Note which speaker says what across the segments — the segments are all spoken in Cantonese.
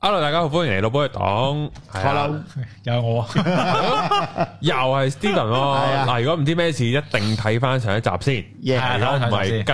Speaker 1: Hello，大家好，歡迎嚟到寶藥黨。Hello，又係
Speaker 2: 我。好，又係 Stephen，
Speaker 1: 嗱，如果唔知咩事，一定睇返上一集先。係，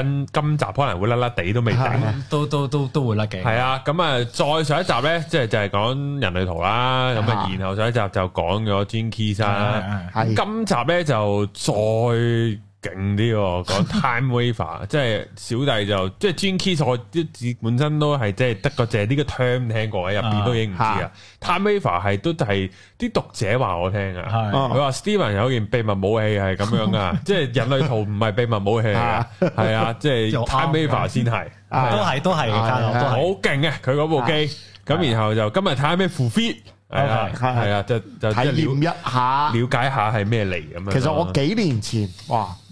Speaker 1: 勁啲喎，講 TimeWaver，即係小弟就即係 Gene Keys，我都自本身都係即係得個借呢個 term 聽過喺入邊都已經唔知啊。TimeWaver 係都係啲讀者話我聽啊，佢話 Stephen 有件秘密武器係咁樣啊，即係人類圖唔係秘密武器啊，係啊，即係 TimeWaver 先係，都係都係，好勁啊！佢嗰部機，咁然後就今日睇下咩 full fit，係啊係啊，就就體驗一下，瞭解下係咩嚟咁樣。其實我幾
Speaker 3: 年前哇～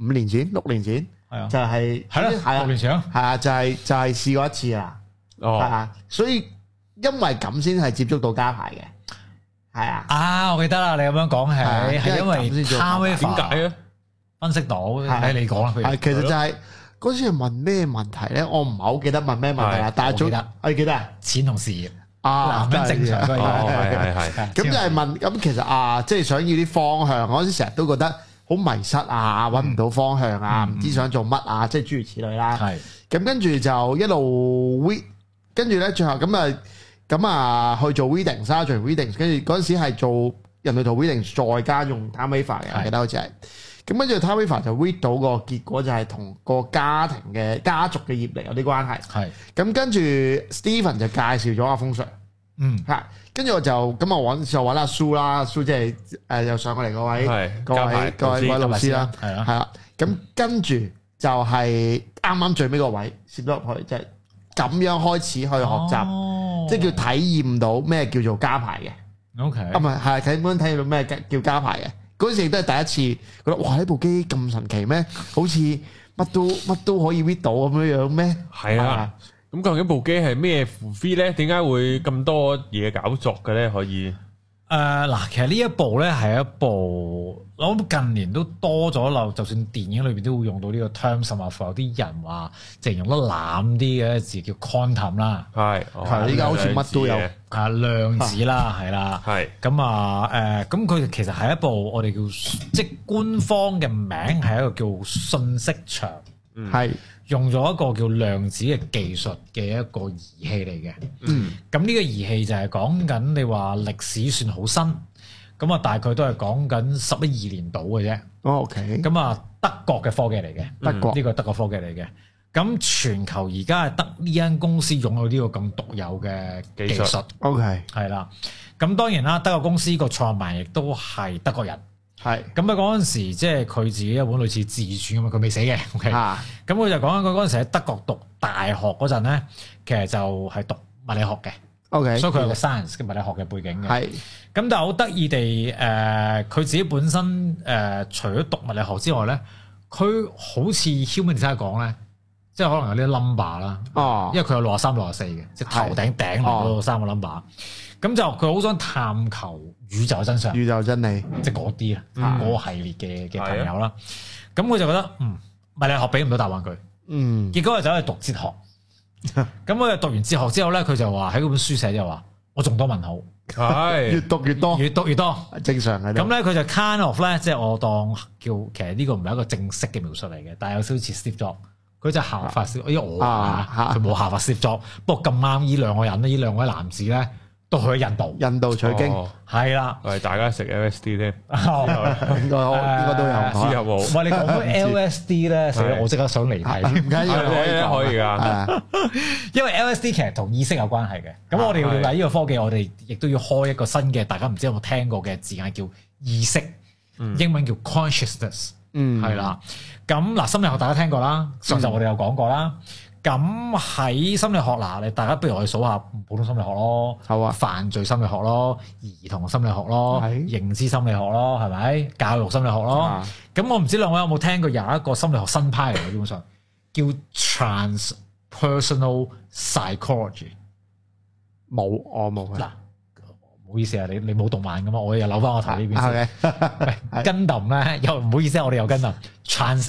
Speaker 3: 五年前、六年前，係啊，就係，係啦，係啊，六年前啊，係啊，就係就係試過一次啦，哦，所以因為咁先係接觸到加牌嘅，
Speaker 2: 係啊，啊，我記得啦，你咁樣講起，係因為點解咧？分析到，睇你講啦，其實就
Speaker 3: 係嗰時係問咩問題咧，我唔係好記得問咩問題啦，但係記得，我記得
Speaker 2: 啊，錢同事業啊，咁正常，係係，
Speaker 3: 咁就係問，咁其實啊，即係想要啲方向，我陣時成日都覺得。好迷失啊，揾唔到方向啊，唔知想做乜啊，即係諸如此類啦。係咁跟住就一路 read，跟住咧最後咁啊咁啊去做 readings，scheduling readings，跟住嗰陣時係做人類圖 readings 再加用 TimeWaver 嘅，我記得好似係。咁跟住 TimeWaver 就 read 到個結果，就係同個家庭嘅家族嘅業力有啲關係。係咁跟住 Stephen 就介紹咗阿風尚。嗯，嚇，跟住我就咁啊揾就揾阿蘇啦，蘇即係誒又上過嚟個位，個位，個位嗯啊、個位老師啦，係啊，係啦，咁跟住就係啱啱最尾個位攝咗入去，即係咁樣開始去學習，即係叫體驗到咩叫做加牌嘅，OK、哦、啊唔係係睇點樣體驗到咩叫加牌嘅，嗰陣時都係第一次覺得哇呢部機咁神奇咩，好似
Speaker 2: 乜都乜都可以 read 到咁樣樣咩，
Speaker 1: 係啊。咁究竟部機係咩伏飛咧？點解會咁多嘢搞作嘅咧？可以？
Speaker 2: 誒，嗱，其實呢一部咧係一部，我諗近年都多咗咯，就算電影裏邊都會用到呢個 terms，甚至乎有啲人話，淨係用得濫啲嘅字叫 quantum 啦、um,。係、哦，係，依家，好似乜都有，啊，量子啦，係啦，係。咁啊，誒是，咁佢其實係一部我哋叫，即係官方嘅名係一個叫信息牆，係。用咗一個叫量子嘅技術嘅一個儀器嚟嘅，咁呢、嗯、個儀器就係講緊你話歷史算好新，咁啊大概都係講緊十一二年到嘅啫。O K. 咁啊德國嘅科技嚟嘅，德國呢個德國科技嚟嘅，咁、嗯、全球而家係得呢間公司擁有呢個咁獨有嘅技術。O K. 係啦，咁、okay、當然啦，德國公司個創辦亦都係德國人。係，咁啊嗰陣時，即係佢自己一本類似自傳咁，okay? 啊，佢未死嘅，OK，咁佢就講緊佢嗰陣時喺德國讀大學嗰陣咧，其實就係讀物理學嘅，OK，所以佢有個 science 嘅的物理學嘅背景嘅，係是，咁但係好得意地誒，佢、呃、自己本身誒、呃，除咗讀物理學之外咧，佢好似 human design 講咧，即係可能有啲 number 啦，哦，因為佢有六十三六十四嘅，即係頭頂頂嗰三個 number。嗯嗯咁就佢好想探求宇宙真相，宇宙真理，即係嗰啲啦，嗰系列嘅嘅朋友啦。咁佢就覺得，嗯，物理學俾唔到答案佢，
Speaker 1: 嗯。
Speaker 2: 結果就走去讀哲學。咁佢就讀完哲學之後咧，佢就話喺嗰本書寫就話，我仲多問號，
Speaker 1: 係越
Speaker 2: 讀越多，越讀越多，正常嘅。咁咧佢就 kind of 咧，即係我當叫其實呢個唔係一個正式嘅描述嚟嘅，但係有少少似 Steve Jobs，佢就下發燒，我依我啊，佢冇下發 Steve Jobs。不過咁啱呢兩個人咧，呢兩位男士咧。都去印度，印度取經，
Speaker 1: 係啦，喂，大家食 LSD 咧，應
Speaker 2: 該應該都有，唔知有冇？唔係你講開 LSD 咧，我即刻想離題。點解要講可以噶，因為 LSD 其實同意識有關係嘅。咁我哋要了解呢個科技，我哋亦都要開一個新嘅，大家唔知有冇聽過嘅字眼叫意識，英文叫 consciousness，嗯，係啦。咁嗱，心理學大家聽過啦，其實我哋有講過啦。咁喺、嗯、心理學嗱，你大家不如我哋數下普通心理學咯，好啊、犯罪心理學咯，兒童心理學咯，是啊、認知心理學咯，係咪？教育心理學咯。咁是、啊、我唔知兩位有冇聽過有一個心理學新派嚟嘅，基本上叫 transpersonal psychology。冇， 我冇。嗱，唔好意思啊，你你冇動漫㗎嘛？我又扭翻我頭呢邊跟讀咧，又唔好意思，我哋又跟讀 trans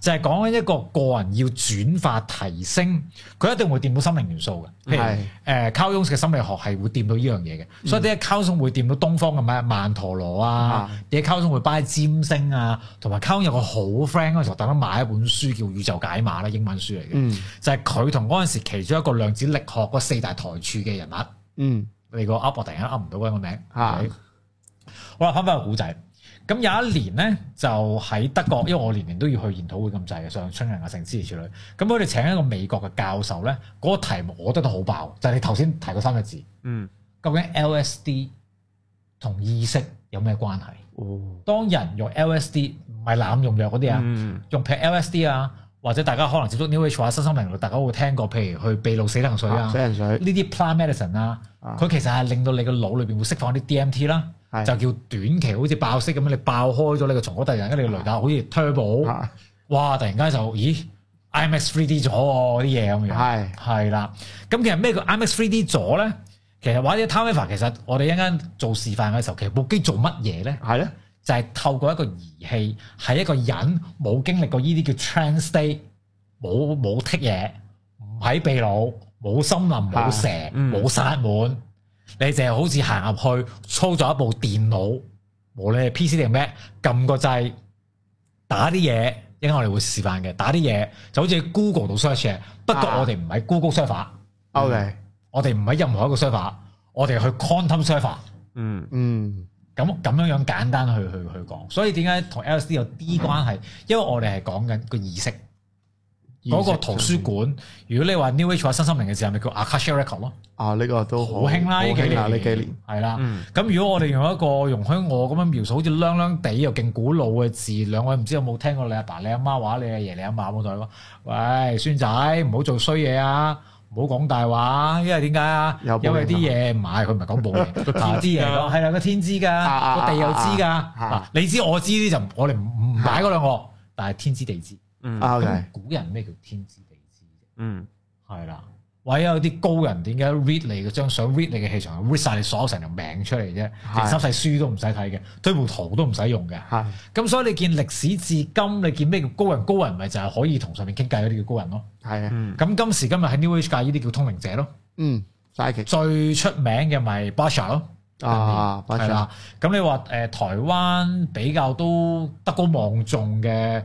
Speaker 2: 就係講緊一個個人要轉化提升，佢一定會掂到心靈元素嘅。譬如誒 Carl Jung 嘅心理學係會掂到依樣嘢嘅。所以啲 Carl Jung 會掂到東方嘅咩曼陀羅啊，啲 Carl Jung 是、啊、會拜占星啊，同埋 Carl Jung 有，有個好 friend 嗰陣時特登買一本書叫《宇宙解碼》咧，英文書嚟嘅。是嗯、就係佢同嗰陣時其中一個量子力學個四大台柱嘅人物。嗯你，你個噏我突然間噏唔到嗰個名
Speaker 3: 嚇
Speaker 2: 是、啊。好啦，翻返個古仔。咁有一年咧，就喺德國，因為我年年都要去研討會咁滯嘅，上春日亞城支持處女。咁我哋請一個美國嘅教授咧，嗰、那個題目我覺得都好爆，就係、是、你頭先提過三個字。嗯。究竟 LSD 同意識有咩關係？哦。當人用 LSD 唔係濫用藥嗰啲啊，嗯、用片 LSD 啊，或者大家可能接觸 New Age 啊、身心靈，大家會聽過，譬如去秘魯死藤水啊，死藤水呢啲 plant medicine 啊，佢其實係令到你個腦裏邊會釋放啲 DMT 啦。就叫短期好似爆式咁，你爆開咗你個重嗰，突然間你 bo, 的，你個雷達好似 turbo，哇！突然間就咦，IMAX 3D 咗嗰啲嘢咁樣。係係啦，咁的其實咩叫 IMAX 3D 咗咧？其實玩啲 TimeWaver，其實我哋一陣間做示範嘅時候，其實部機做乜嘢咧？係咧的，就係透過一個儀器，係一個人冇經歷過呢啲叫 trance state 冇冇剔嘢，喺秘魯，冇森林，冇蛇，冇薩滿。嗯你就係好似行入去操作一部電腦，無論係 PC 定咩，撳個掣，打啲嘢，應該我哋會示範嘅。打啲嘢就好似 Google 度 search，嘅。不過我哋唔喺 Google search，O.K. 我哋唔喺任何一個 search，我哋去 quantum search。嗯嗯，咁咁樣樣簡單去去去講，所以點解同 LSD 有啲關係？嗯、因為我哋係講緊個意識。嗰個圖書館，如果你話 New Age 新森林嘅字，時候，咪叫 Akashic Record 咯？啊，呢個都好興啦！呢幾年，呢幾年係啦。咁如果我哋用一個容許我咁樣描述，好似涼涼地又勁古老嘅字，兩位唔知有冇聽過你阿爸、你阿媽話你阿爺、你阿嫲冇對話，喂，孫仔唔好做衰嘢啊，唔好講大話，因為點解，有因為啲嘢唔係佢唔係講冇嘅，天知嘢咯，係啦，個天知噶，個地又知噶。你知我知啲就我哋唔唔買嗰兩個，但係天知地知。嗯，OK。古人咩叫天知地知？嗯，係啦。或者有啲高人，點解 read 你嘅張相，read 你嘅氣場，read 晒你所有成個名出嚟啫？連是三世書都唔使睇嘅，推幅圖都唔使用嘅。係是。咁所以你見歷史至今，你見咩叫高人？高人咪就係可以同上面傾偈嗰啲叫高人咯。係啊。咁、嗯、今時今日喺 New Age 界，呢啲叫通靈者咯。嗯，晒其最出名嘅咪巴 a 咯。啊，係啦。咁你話誒台灣比較都德高望重嘅？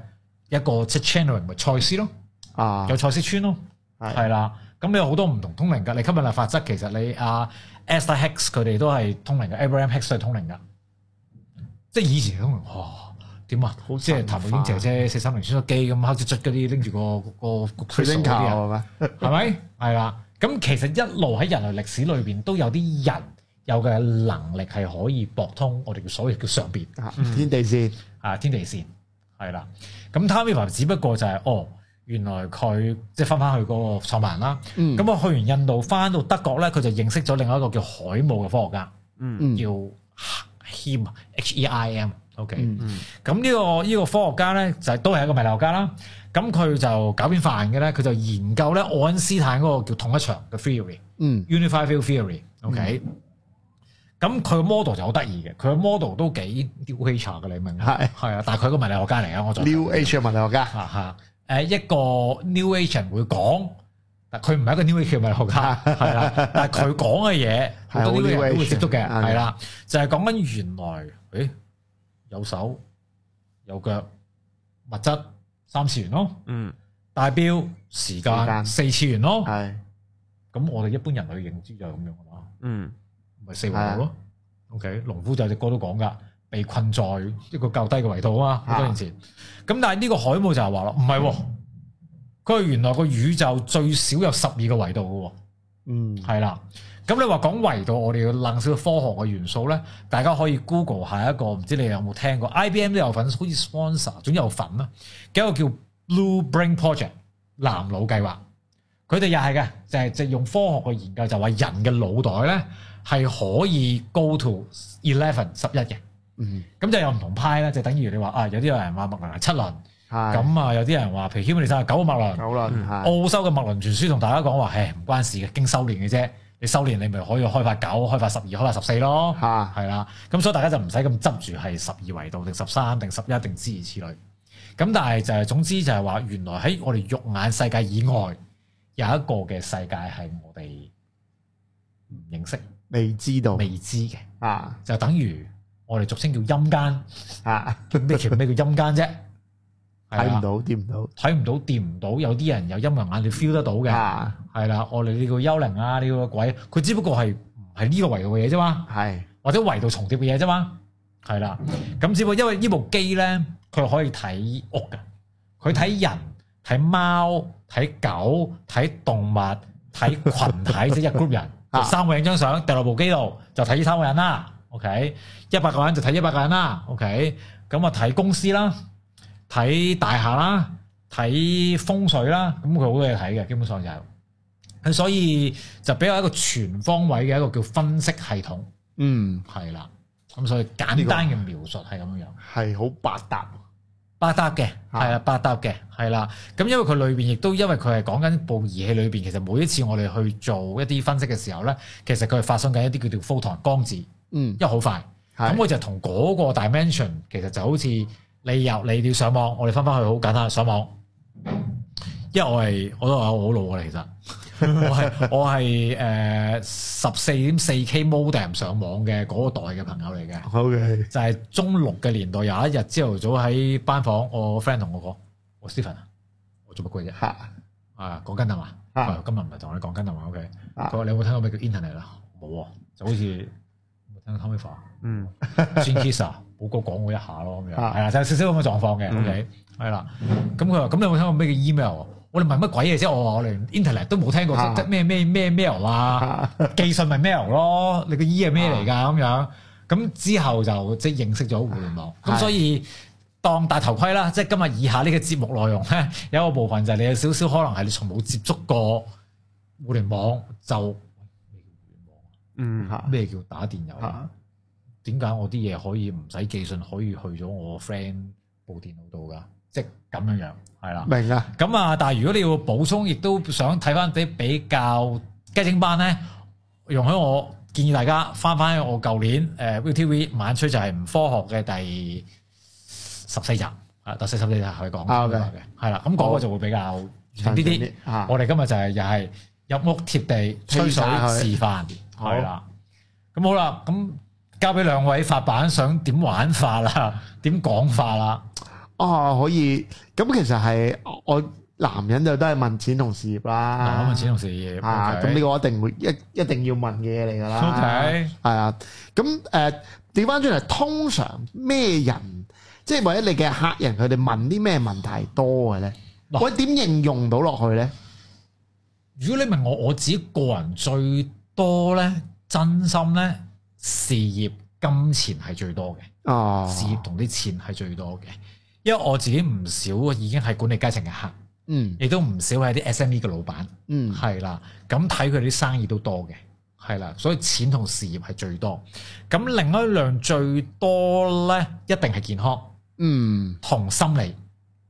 Speaker 2: 一個七 channel 咪賽斯咯，
Speaker 3: 啊有賽
Speaker 2: 斯村咯，係啦的，咁你、嗯、有好多唔同通靈噶。你吸引力法則其實你阿、啊、Esther Hicks 佢哋都係通靈嘅，Abraham Hicks 都係通靈噶、嗯，即係以前通靈。哇、哦、點啊，好即係譚玉瑛姐姐四三零穿梭機咁，好似追嗰啲拎住個個水晶球，係咪、啊？係咪、嗯？係啦。咁、嗯嗯、其實一路喺人類歷史裏邊都有啲人有嘅能力係可以博通我哋叫所謂叫上邊天地線啊、嗯，天地線。係啦，咁 TimeWaver 只不過就係、是、哦，原來佢即係翻返去嗰個創辦啦。咁啊、嗯、去完印度翻到德國咧，佢就認識咗另外一個叫海姆嘅科學家，嗯、叫 Him H, im, H E I M okay?、嗯。OK，咁呢個呢、這個科學家咧就係、是、都係一個迷流家啦。咁佢就搞邊飯嘅咧？佢就研究咧愛因斯坦嗰個叫同一場嘅 theory，unify field theory、嗯。Theory, OK、嗯。嗯咁佢嘅 model 就好得意嘅，佢嘅 model 都幾 New Age 嘅，你明？係係啊，但係佢個物理學家嚟啊，我做。New Age 嘅物理學家，吓吓，誒，一個 New Age 會講，但佢唔係一個 New Age 嘅物理學家，係啦，但係佢講嘅嘢好多 New Age 都會接觸嘅，係啦，就係講緊原來，誒，有手、有腳、物質三次元咯，嗯，代表時間四次元咯，係，咁我哋一般人去認知就係咁樣咯，嗯。咪四維度咯。OK，的農夫就隻歌都講噶，被困在一個較低嘅維度啊嘛。好的多年前咁，但係呢個海姆就係話咯，唔係佢係原來個宇宙最少有十二個維度嘅。嗯，係啦。咁你話講維度，我哋要冷少科學嘅元素咧，大家可以 Google 下一個，唔知你有冇聽過 I B M 都有份，好似 sponsor，總有份啦。有一個叫 Blue Brain Project 藍腦計劃，佢哋又係嘅，就係、是、就用科學嘅研究就話、是、人嘅腦袋咧。係可以 go to eleven 十一嘅，咁、嗯、就有唔同派咧。就等於你話啊，有啲人話脈輪七輪，咁啊是有啲人話譬如希伯利曬九個脈輪，九澳洲嘅脈輪傳書同大家講話，誒唔關事嘅，經修練嘅啫。你修練你咪可以開發九、開發十二、開發十四咯。嚇係啦，咁所以大家就唔使咁執住係十二維度定十三定十一定之如此類。咁但係就係總之就係話，原來喺我哋肉眼世界以外有一個嘅世界係我哋唔認識。未知到未知嘅啊，就等於我哋俗稱叫陰間啊，咩叫咩叫陰間啫？睇唔到掂唔到，睇唔到掂唔到，有啲人有陰陽眼，你 feel 得到嘅，係啦，啊，我哋呢個幽靈啊，呢個鬼，佢只不過係係呢個維度嘅嘢啫嘛，係的或者維度重疊嘅嘢啫嘛，係啦，咁只不過因為呢部機咧，佢可以睇屋噶，佢睇人，睇貓，睇狗，睇動物，睇群體即 一 group 人。三個人影張相，第六部機度就睇呢三個人啦。OK，一百個人就睇一百個人啦。OK，咁啊睇公司啦，睇大廈啦，睇風水啦。咁佢好多嘢睇嘅，基本上就係，所以就比較一個全方位嘅一個叫分析系統。嗯，係啦。咁所以簡單嘅描述係咁樣。係好百搭。八搭嘅，係啦，八搭嘅，係啦。咁因為佢裏邊亦都因為佢係講緊部儀器裏邊，其實每一次我哋去做一啲分析嘅時候咧，其實佢係發生緊一啲叫做 Full 傅台光子，嗯，因為好快。咁我的就同嗰個 dimension，其實就好似你入你哋要上網，我哋翻翻去好簡單上網。因為我係我都話我好老嘅啦，其實。我係我係誒十四點四 K modem 上網嘅嗰個代嘅朋友嚟嘅，OK，就係中六嘅年代，有一日朝頭早喺班房，我 friend 同我講，我 Stephen 啊，我做乜鬼啫？吓啊，講 Gundam 啊，今日唔係同你講 Gundam 嘛？OK，佢話，你有冇聽過咩叫 Internet 啊？冇啊，就好似冇聽 Tommy 范，嗯，Jenkiser，我哥講我一下咯咁樣，係啊，就少少咁嘅狀況嘅，OK，係啦，咁佢話，咁你有冇聽過咩叫 email 啊？我哋問乜鬼嘢啫？我我連 internet 都冇聽過，即咩咩咩 mail 啊？啊 技術咪 mail 咯？你個 e 係咩嚟噶？咁樣咁之後就即認識咗互聯網。咁、啊、所以當大頭盔啦，即今日以下呢個節目內容咧，有一個部分就係你有少少可能係你從冇接觸過互聯網，就嗯，咩、啊、叫打電郵啊？點解我啲嘢可以唔使寄信，可以去咗我 friend 部電腦度噶？即咁樣樣。係啦，明噶。咁啊，但係如果你要補充，亦都想睇翻啲比較雞精班咧，容許我建議大家翻翻我舊年誒 ViuTV 晚吹就係唔科學嘅第十四集啊，第四十四集可以講嘅，係啦。咁講嘅就會比較明啲啲。哦、我哋今日就係又係入屋貼地吹水示範，係啦、嗯。咁對好啦，咁交俾兩位發版，想點玩法啦，點講法啦？
Speaker 3: 哦，可以咁，其實係我男人就都係問錢同事業啦。嗱，我問錢同
Speaker 2: 事業，okay. 啊，咁呢個
Speaker 3: 一定會一一定要問嘅嘢，嚟噶啦。okay 係啊，咁誒，調翻轉嚟，通常咩人，即係或者你嘅客人，佢哋問啲咩問題多嘅咧？呃、我點形容到落去咧？
Speaker 2: 如果你問我我自己個人最多咧，真心咧，事業金錢係最多嘅。哦，事業同啲錢係最多嘅。因為我自己唔少已經係管理階層嘅客，嗯，亦都唔少係啲 SME 嘅老闆，嗯，係啦，咁睇佢啲生意都多嘅，係啦，所以錢同事業係最多，咁另一樣最多咧，一定係健康，嗯，同心理，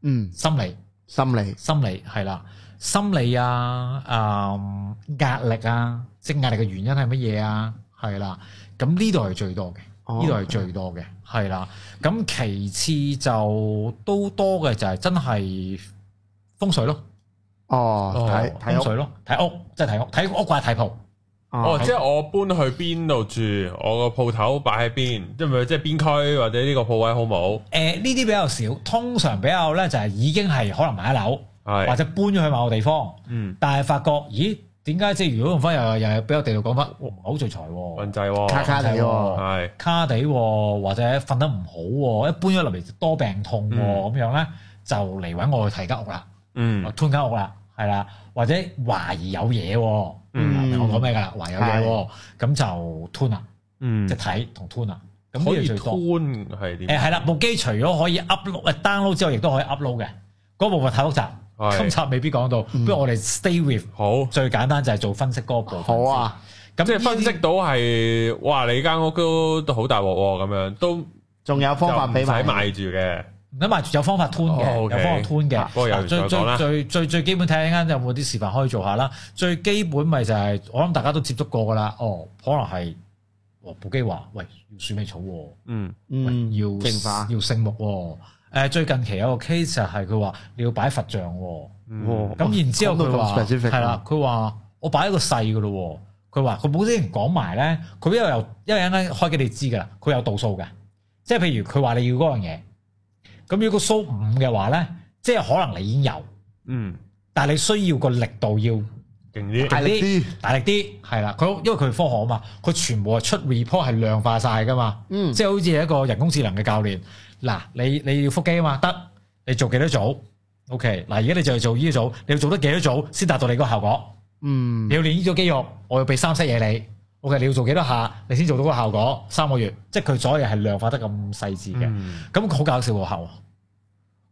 Speaker 2: 嗯，心理，心理，心理，係啦，心理啊，誒、呃，壓力啊，即係壓力嘅原因係乜嘢啊，係啦，咁呢度係最多嘅。呢度係最多嘅，係啦 Okay.。咁其次就都多嘅就係真係風水咯。哦，睇、哦、睇風水咯，睇屋即係睇屋，睇屋或睇鋪。哦，屋即係
Speaker 1: 我搬去邊度住，我個鋪頭擺喺邊，即係即係邊區或者呢個鋪位好唔
Speaker 2: 好？誒、呃，呢啲比較少，通常比較咧就係已經係可能買一樓，的或者搬咗去某個地方。嗯，但係發覺，咦？點解即係如果用翻又又又俾我地度講翻好聚財喎，
Speaker 1: 運滯喎，卡卡地喎，
Speaker 2: 卡卡地或者瞓得唔好喎，一搬咗入嚟就多病痛咁樣咧，就嚟揾我去睇間屋啦，
Speaker 1: 嗯
Speaker 2: turn 間屋啦，係啦，或者懷疑有嘢，嗯，我講咩㗎啦，懷疑有嘢，咁就 turn 啦，嗯，即係睇同 turn 啦，咁可以 turn 係啲，係啦，部機除咗可以 upload、download 之後，亦都可以 upload 嘅，嗰部分睇屋宅。今集未必講到，不如我哋 stay with 好，最簡單就係做分析嗰部分。
Speaker 1: 好啊，咁即係分析到係，哇！你間屋都都好大鑊喎，咁樣都仲有方法唔使賣住嘅，
Speaker 2: 唔使賣住有方法 turn 嘅，有方法 turn 嘅。最最最最最基本睇下呢間有冇啲示範可以做下啦？最基本咪就係我諗大家都接觸過噶啦。哦，可能係哦，保基話喂，要鼠尾草，嗯嗯，要淨化，要聖木。誒，最近期有個 case 係佢話你要擺佛像喎、哦，咁、哦、然之後佢話係啦，佢話我擺一個細嘅咯喎，佢話佢本身已經講埋咧，佢因為由一個咧開佢哋知㗎啦，佢有度數嘅，即係譬如佢話你要嗰樣嘢，咁如果數五嘅話咧，即係可能你已經有，嗯，但係你需要個力度要勁啲，大力啲，大力啲，係啦，佢因為佢科學啊嘛，佢全部係出 report 係量化晒㗎嘛，嗯，即係好似係一個人工智能嘅教練。嗱，你你要腹肌啊嘛，得，你做幾多組？O K，嗱，而、okay, 家你就係做呢組，你要做得幾多組先達到你個效果？嗯，你要練呢組肌肉，我要俾三式嘢你。O、okay, K，你要做幾多下，你先做到個效果？三個月，即係佢左邊係量化得咁細緻嘅。咁好、嗯、搞笑喎，後，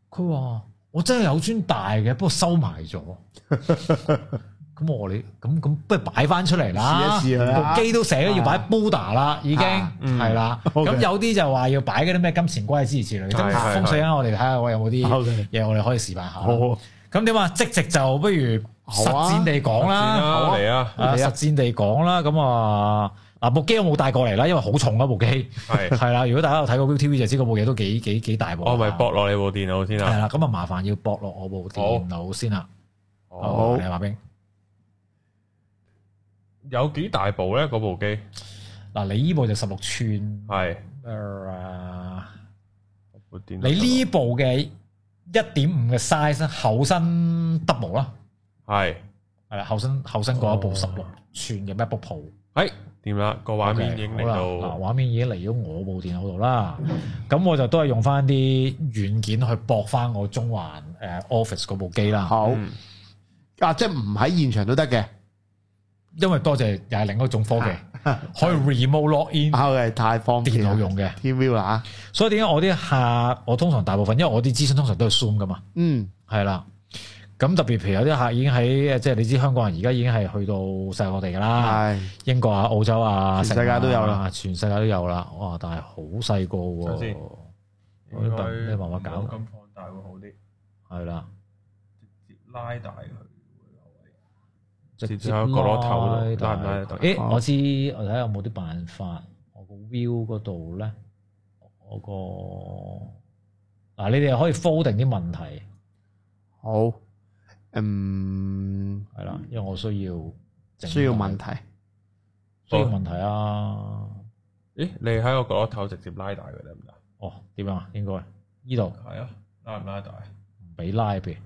Speaker 2: 佢話我真係有尊大嘅，不過收埋咗。 咁我你咁不如擺翻出嚟啦，試一試啦，部機都寫咗要擺 Buda 啦，已經係啦。咁有啲就話要擺嗰啲咩金錢龜之類之類。咁風水啊，我哋睇下我有冇啲嘢我哋可以示範下。好，咁點啊？積極就不如實戰地講啦，嚟啊！啊實戰地講啦，咁啊嗱部機我冇帶過嚟啦，因為好重啊部機係係啦。如果大家有睇過 ViuTV 就知，
Speaker 1: 嗰部嘢都幾幾幾大。我咪駁落你部電腦先啊。係啦，
Speaker 2: 咁啊麻煩要駁落我部電腦先啊。好，係白兵。
Speaker 1: 有幾大部咧？嗰部機嗱，你依部就十六寸，係你呢
Speaker 2: 部嘅一點五嘅 size，厚身 double 啦，係係啦，厚身厚身過一部十六寸嘅 MacBook Pro，係掂啦？個畫面已經嚟到，畫面已經嚟咗我部電腦度啦。咁 我就都係用翻啲軟件去駁返我中環誒 Office 嗰部機啦。好啊，即係唔喺現場都得嘅。因為多謝又係另一種科技，可以 remote login，太方便，電腦用嘅 TV 啊，所以點解我啲客，我通常大部分，因為我啲諮詢通常都係 Zoom 噶嘛，嗯，係啦，咁特別譬如有啲客已經喺，即係你知香港人而家已經係去到世界各地噶啦，係英國啊、澳洲啊，全世界都有啦，全世界都有啦，哇！但係好細個喎，應
Speaker 1: 該慢慢搞，咁放大會好啲，係啦，直接拉大佢。直接喺角落頭度拉唔拉得？誒、欸，我知，
Speaker 2: 我睇下有冇啲辦法。我個 view 嗰度咧，我個嗱、啊，你哋可以 fold 定啲問題。好，
Speaker 3: 嗯，係啦，因為我需要需要問題，
Speaker 1: 好需要問題啊。咦、欸，你喺個角落頭直接拉大佢得唔得？拉拉哦，點樣啊？應該呢度係啊？拉唔拉大？
Speaker 2: 唔俾拉邊。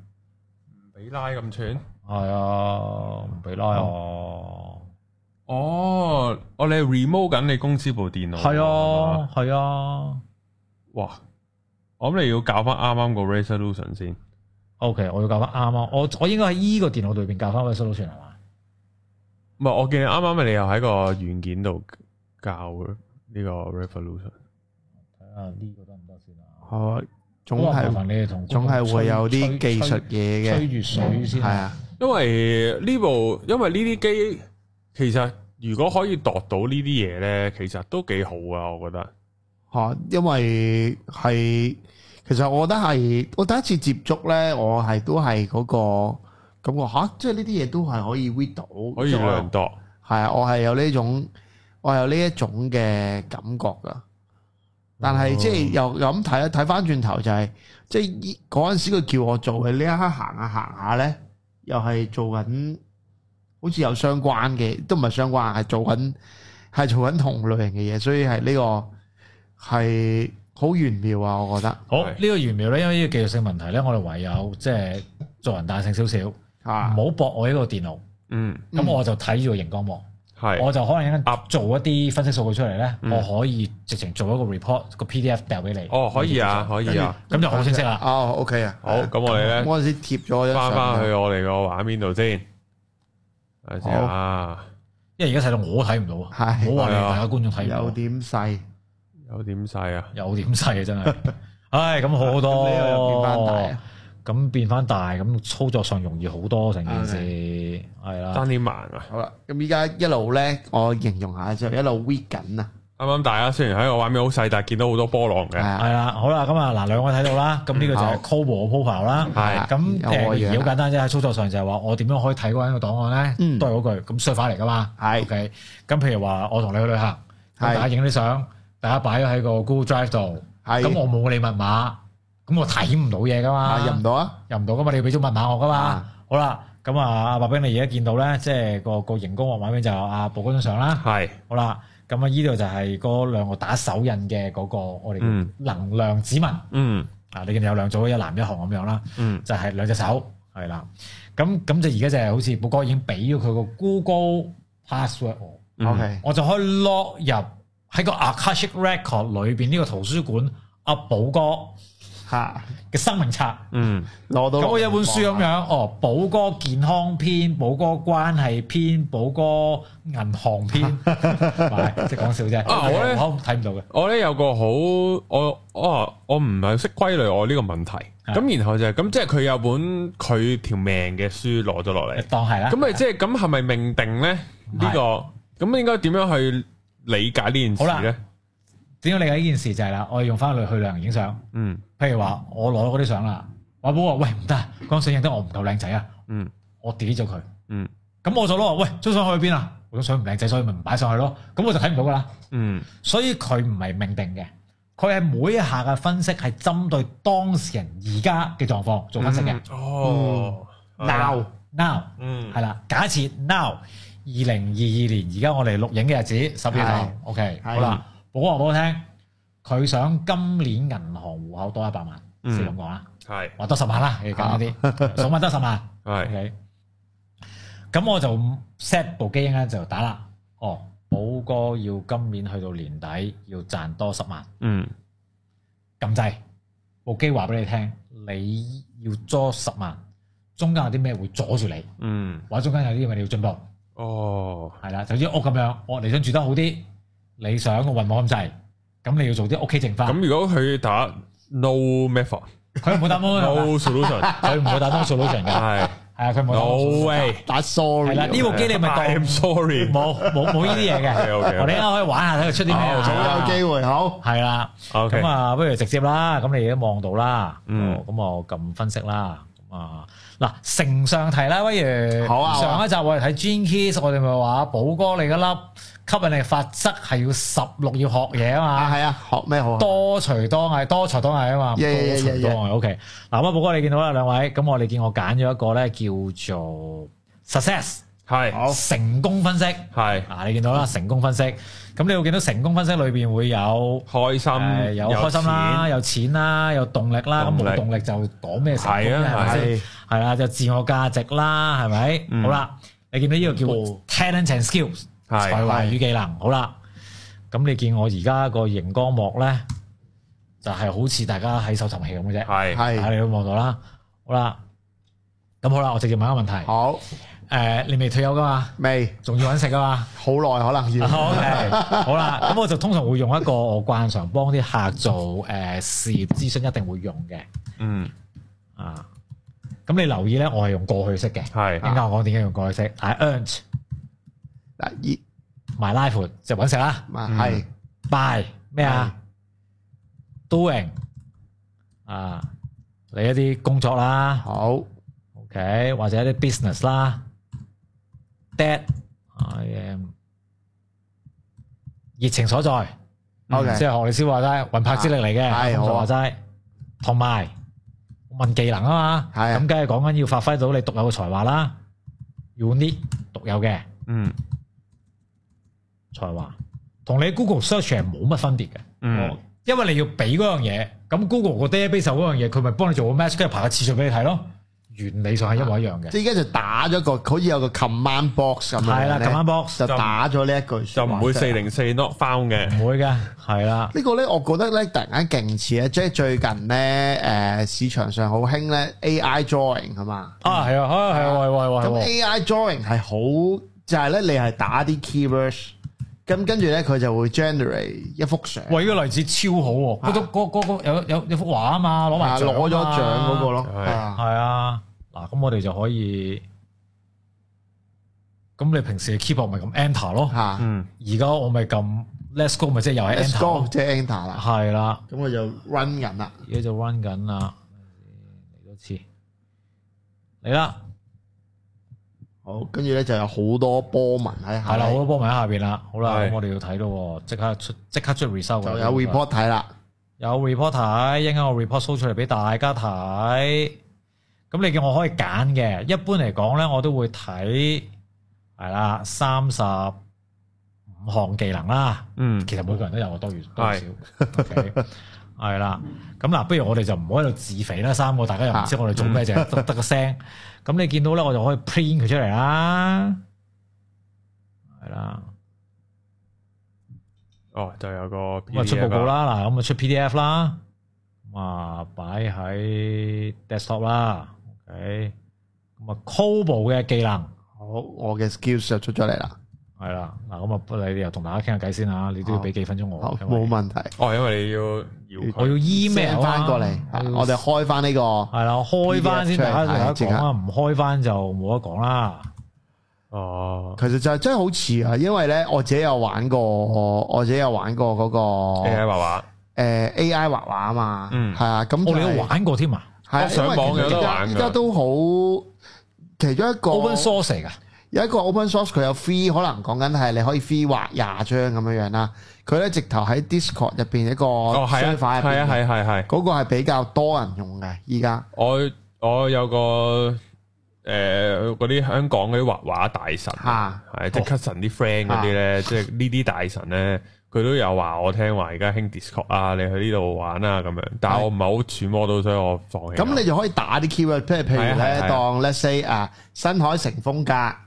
Speaker 1: 俾拉咁串？係啊，俾拉啊！哦，我哋 remove 緊你公司部電腦？係啊，係啊！哇，我諗你要搞翻啱啱個 resolution 先
Speaker 2: ？O、okay, K，我要搞翻啱啱，我我應該喺呢個電腦裏邊搞翻個 resolution 係嘛？
Speaker 1: 唔係，我見你啱啱咪你又喺個軟件度教呢個 resolution？睇下呢個
Speaker 2: 得唔得先
Speaker 3: 啊？係、哦。總係你哋同總係會有啲技術嘢嘅，係啊，
Speaker 1: 因為呢部，因為呢啲機其實如果可以度到呢啲嘢咧，其實都幾好啊，我覺得
Speaker 3: 吓，因為係其實我覺得係我第一次接觸咧，我係都係嗰個咁個吓，即係呢啲嘢都係可以 read 到，
Speaker 1: 可以量度，
Speaker 3: 係啊，我係有呢種，我有呢一種嘅感覺噶。但係即係又又咁睇一睇翻轉頭，就係即係嗰陣時佢叫我做嘅，呢一刻行下行下咧，又係做緊，好似有相關嘅，都唔係相關，係做緊係做緊同類型嘅嘢，所以係呢、這個係好玄妙啊！我覺得好是個
Speaker 2: 呢個玄妙咧，因為呢個技術性問題咧，我哋唯有即係做人彈性少少，吓，唔好駁我呢個電腦，嗯，咁我就睇住個熒光幕。係，我就可能一陣做一啲分析數據出嚟咧，我可以直情做一個 report，個 PDF 掉俾你。哦，可以啊，可以啊，咁就好清晰啦。哦，OK 啊，
Speaker 1: 好，咁我哋咧，我嗰陣時
Speaker 2: 貼咗翻翻去
Speaker 1: 我哋個畫面度先。啊，
Speaker 2: 因為而家睇到我睇唔到啊，好啊，大家觀眾睇，有點細，有點細啊，有點細啊，真係，唉，咁好好多。咁變翻大，咁操作上容易好多成件事，係啦。
Speaker 3: 爭啲慢啊！好啦，咁依家一路咧，我
Speaker 2: 形容下就一路 w 搣緊啊。
Speaker 1: 啱啱大家雖然喺個畫面好細，但係見到好多波浪
Speaker 2: 嘅。係啊，好啦，咁啊嗱，兩個睇到啦，咁呢個就係 Cobo 嘅 profile 啦。
Speaker 1: 係，咁誒好簡
Speaker 2: 單啫，喺操作上就係話我點樣可以睇嗰個檔案咧？都係嗰句，咁 Share 法嚟噶嘛？係，OK。咁譬如話，我同你去旅行，大家影啲相，大家擺咗喺個 Google Drive 度。係，咁我冇你密碼。咁、嗯、我睇唔到嘢噶嘛？入唔到啊？入唔到噶嘛？你要俾咗密碼我噶嘛？嗯、好啦，咁啊，阿白兵你而家見到咧，即係個個熒光幕畫面就阿寶、啊、哥張相啦。係是，好啦，咁啊呢度就係嗰兩個打手印嘅嗰個我哋嘅能量指紋、嗯。嗯。啊，你見有兩組一男一女咁樣啦。嗯。就係兩隻手，係啦。咁咁就而家就係好似寶哥已經俾咗佢個 Google password。O K、嗯。okay. 我就可以落入喺個 Akashic Record 裏邊呢個圖書館阿寶哥吓嘅生命冊，嗯，攞到咁我有本書咁樣，哦，寶哥健康篇，寶哥關係篇，寶哥銀行篇，即係講笑啫。啊，我咧睇唔
Speaker 1: 到嘅。我咧有個好，我我我唔係識歸類我呢個問題。咁然後就係咁，即係佢有本佢條命嘅書攞咗落嚟，當係啦。咁咪即係咁係咪命定咧？呢個咁應該點樣去理解呢件事咧？
Speaker 2: 點樣理解呢件事就係啦，我用翻去去兩人影相，嗯，譬如話我攞嗰啲相啦，我阿寶話喂唔得，嗰張相影得我唔夠靚仔啊，嗯，我 delete 咗佢。嗯，咁我就攞，喂，張相去邊啊？我張相唔靚仔，所以咪唔擺上去咯，咁我就睇唔到噶啦，嗯，所以佢唔係命定嘅，佢係每一下嘅分析係針對當事人而家嘅狀況做分析嘅，哦，now now，嗯，係啦，假設 now 二零二二年而家我哋錄影嘅日子，十月，OK，好啦。我話俾你聽，佢想今年銀行戶口多一百萬，係咁講
Speaker 1: 啊，係話是多十萬啦，要簡單啲，數碼、啊、 多十萬。係是，
Speaker 2: 咁、okay。我就 set 部機一陣就打啦。哦，寶哥要今年去到年底要賺多十萬。嗯，撳掣部機話俾你聽，你要揸十萬，中間有啲咩會阻住你？嗯，或者中間有啲嘢你要進步哦。哦，係啦，就似屋咁樣，我哋想住得好啲。你想個雲冇咁細，咁你要做啲屋企淨化。咁如果佢打
Speaker 1: no method，佢唔會打 no solution，佢唔會打 no solution 嘅。係，係啊，佢唔會打。No way，打 sorry。係啦，呢部機你咪當。I'm sorry，冇冇冇呢啲
Speaker 2: 嘢嘅。O K 我哋啱可以玩下睇佢出啲咩啊。有機會好。係啦，咁啊不如直接啦，咁你而家望到啦，嗯，咁我撳分析啦。啊嗱，承上提啦，不如、啊、上一集我哋睇 Gene Keys，我哋咪話啊，寶哥你嗰粒吸引力法則係要十六要學嘢啊嘛，係啊，學咩學？多才多藝，多才多藝啊嘛，多才多藝。OK，嗱，哇，寶哥你見到啦，兩位，咁我哋見我揀咗一個咧叫做 Success，係，成功分析，係，啊，你見到啦，成功分析。咁你會見到成功分析裏邊會有開心，有開心啦，有錢啦，有動力啦。咁冇動力就講咩成功咧？係啊，係，係啦，就自我價值啦，係咪？好啦，你見到呢個叫 talents and skills，才華與技能。好啦，咁你見我而家個熒光幕咧，就係好似大家喺搜尋器咁嘅啫。係係，你會望到啦。好啦，咁好啦，我直接問個問題。好。誒，你未退休噶嘛？未，仲要搵食噶嘛？好耐可能要。好係，好啦，咁我就通常會用一個我慣常幫啲客做誒事業諮詢，一定會用嘅。嗯，啊，咁你留意咧，我係用過去式嘅。係，點解我講點解用過去式？I earned，一，my life 就搵食啦。係，by 咩啊？doing 啊，你一啲工作啦。好，ok，或者一啲 business 啦。爹，I am 熱情所在，Okay. 即係學你先話齋，雲柏之力嚟嘅，同我話齋，同埋問技能啊嘛，咁梗係講緊要發揮到你獨有嘅才華啦 unique 獨有嘅，嗯，才華同你 Google search 係冇乜分別嘅，嗯，因為你要俾嗰樣嘢，咁 Google 個 database 嗰樣嘢，佢咪幫你做個 match，跟住排個次序俾你睇咯。原理
Speaker 1: 上
Speaker 3: 係一模一樣嘅，即係而家就打咗個好似有個 command box 咁樣，係啦 command box 就打咗呢一句就，
Speaker 1: 就唔會四零四 not found 嘅，唔、就是、會嘅，
Speaker 3: 係啦。呢個咧，我覺得咧突然間勁似咧，即係最近咧誒、呃、市場上好興咧 AI drawing 係嘛？啊係啊，係啊，喂喂喂。咁 AI drawing 係好就係、是、咧，你係打啲 key words，咁跟住咧佢就會 generate 一幅相。喂，呢個例子超好喎、啊，嗰
Speaker 2: 種嗰個有有有幅畫啊嘛，攞埋攞咗獎嗰個咯，係啊。的啊，咁我哋就可以，咁你平時 keyboard 咪咁 enter 咯，吓，嗯，而家我咪咁，let's go 咪即係又係 enter，'s 了即係 enter 啦，係啦了，咁我就 run 緊啦，而家就 run 緊啦，嚟多次，嚟啦，好，跟住咧就有好多波紋喺下，係啦，好多波紋喺下邊啦，好啦，咁我哋要睇咯，即刻出，即刻出 result，就有 report 睇啦，有 report 睇，一陣間了我 report show 出嚟俾大家睇。咁你叫我可以揀嘅，一般嚟講咧，我都會睇，係啦，三十五項技能啦。嗯，其實每個人都有，多於多少，係啦。咁嗱，不如我哋就唔好喺度自肥啦。三個大家又唔知我哋做咩啫，得得個聲。咁、嗯、你見到咧，我就可以 print 佢出嚟啦。係啦。
Speaker 1: 哦，就有個，出報告啦，
Speaker 2: 嗱咁啊出 PDF 啦，嘛擺喺 desktop 啦。誒，咁啊 Cobble 嘅技能，
Speaker 3: 好，我嘅 skills 就出咗嚟啦，
Speaker 2: 係啦，嗱，咁啊，不你又同大家傾下偈先吓，你都要俾幾分鐘我，冇問題，哦，因為你要，我要 email 翻過嚟，我哋開翻呢個，係啦，開翻先，大家大家講啊，唔開翻就冇得講啦，
Speaker 3: 哦，其實就真係好似啊，因為咧，我自己有玩過，我自己有玩過嗰個 AI 畫畫，誒，AI 畫畫啊嘛，
Speaker 2: 嗯，係啊，咁，我哋都玩過添啊。係，因為其實而家而家都
Speaker 3: 好，其中一個 open source 啊，有一個 open source 佢有 free，可能講緊係，你可以 free 畫廿張咁樣樣啦。佢咧直頭喺 Discord 入邊一個商法入邊，係、哦、啊係係係，嗰個係比較多人用嘅。而家
Speaker 1: 我我有個誒嗰啲香港嗰啲畫畫大神嚇，係即刻神啲 friend 嗰啲咧，即係呢啲大神咧。佢都有話我聽話而家興 Discord 啊，ord, 你去呢度玩啊咁樣，但係我唔係好揣摩到，是所以我放棄。咁你就
Speaker 3: 可以打啲 keyword，譬如譬如係當 Let's say 啊，啊 say, uh, 新海誠風格，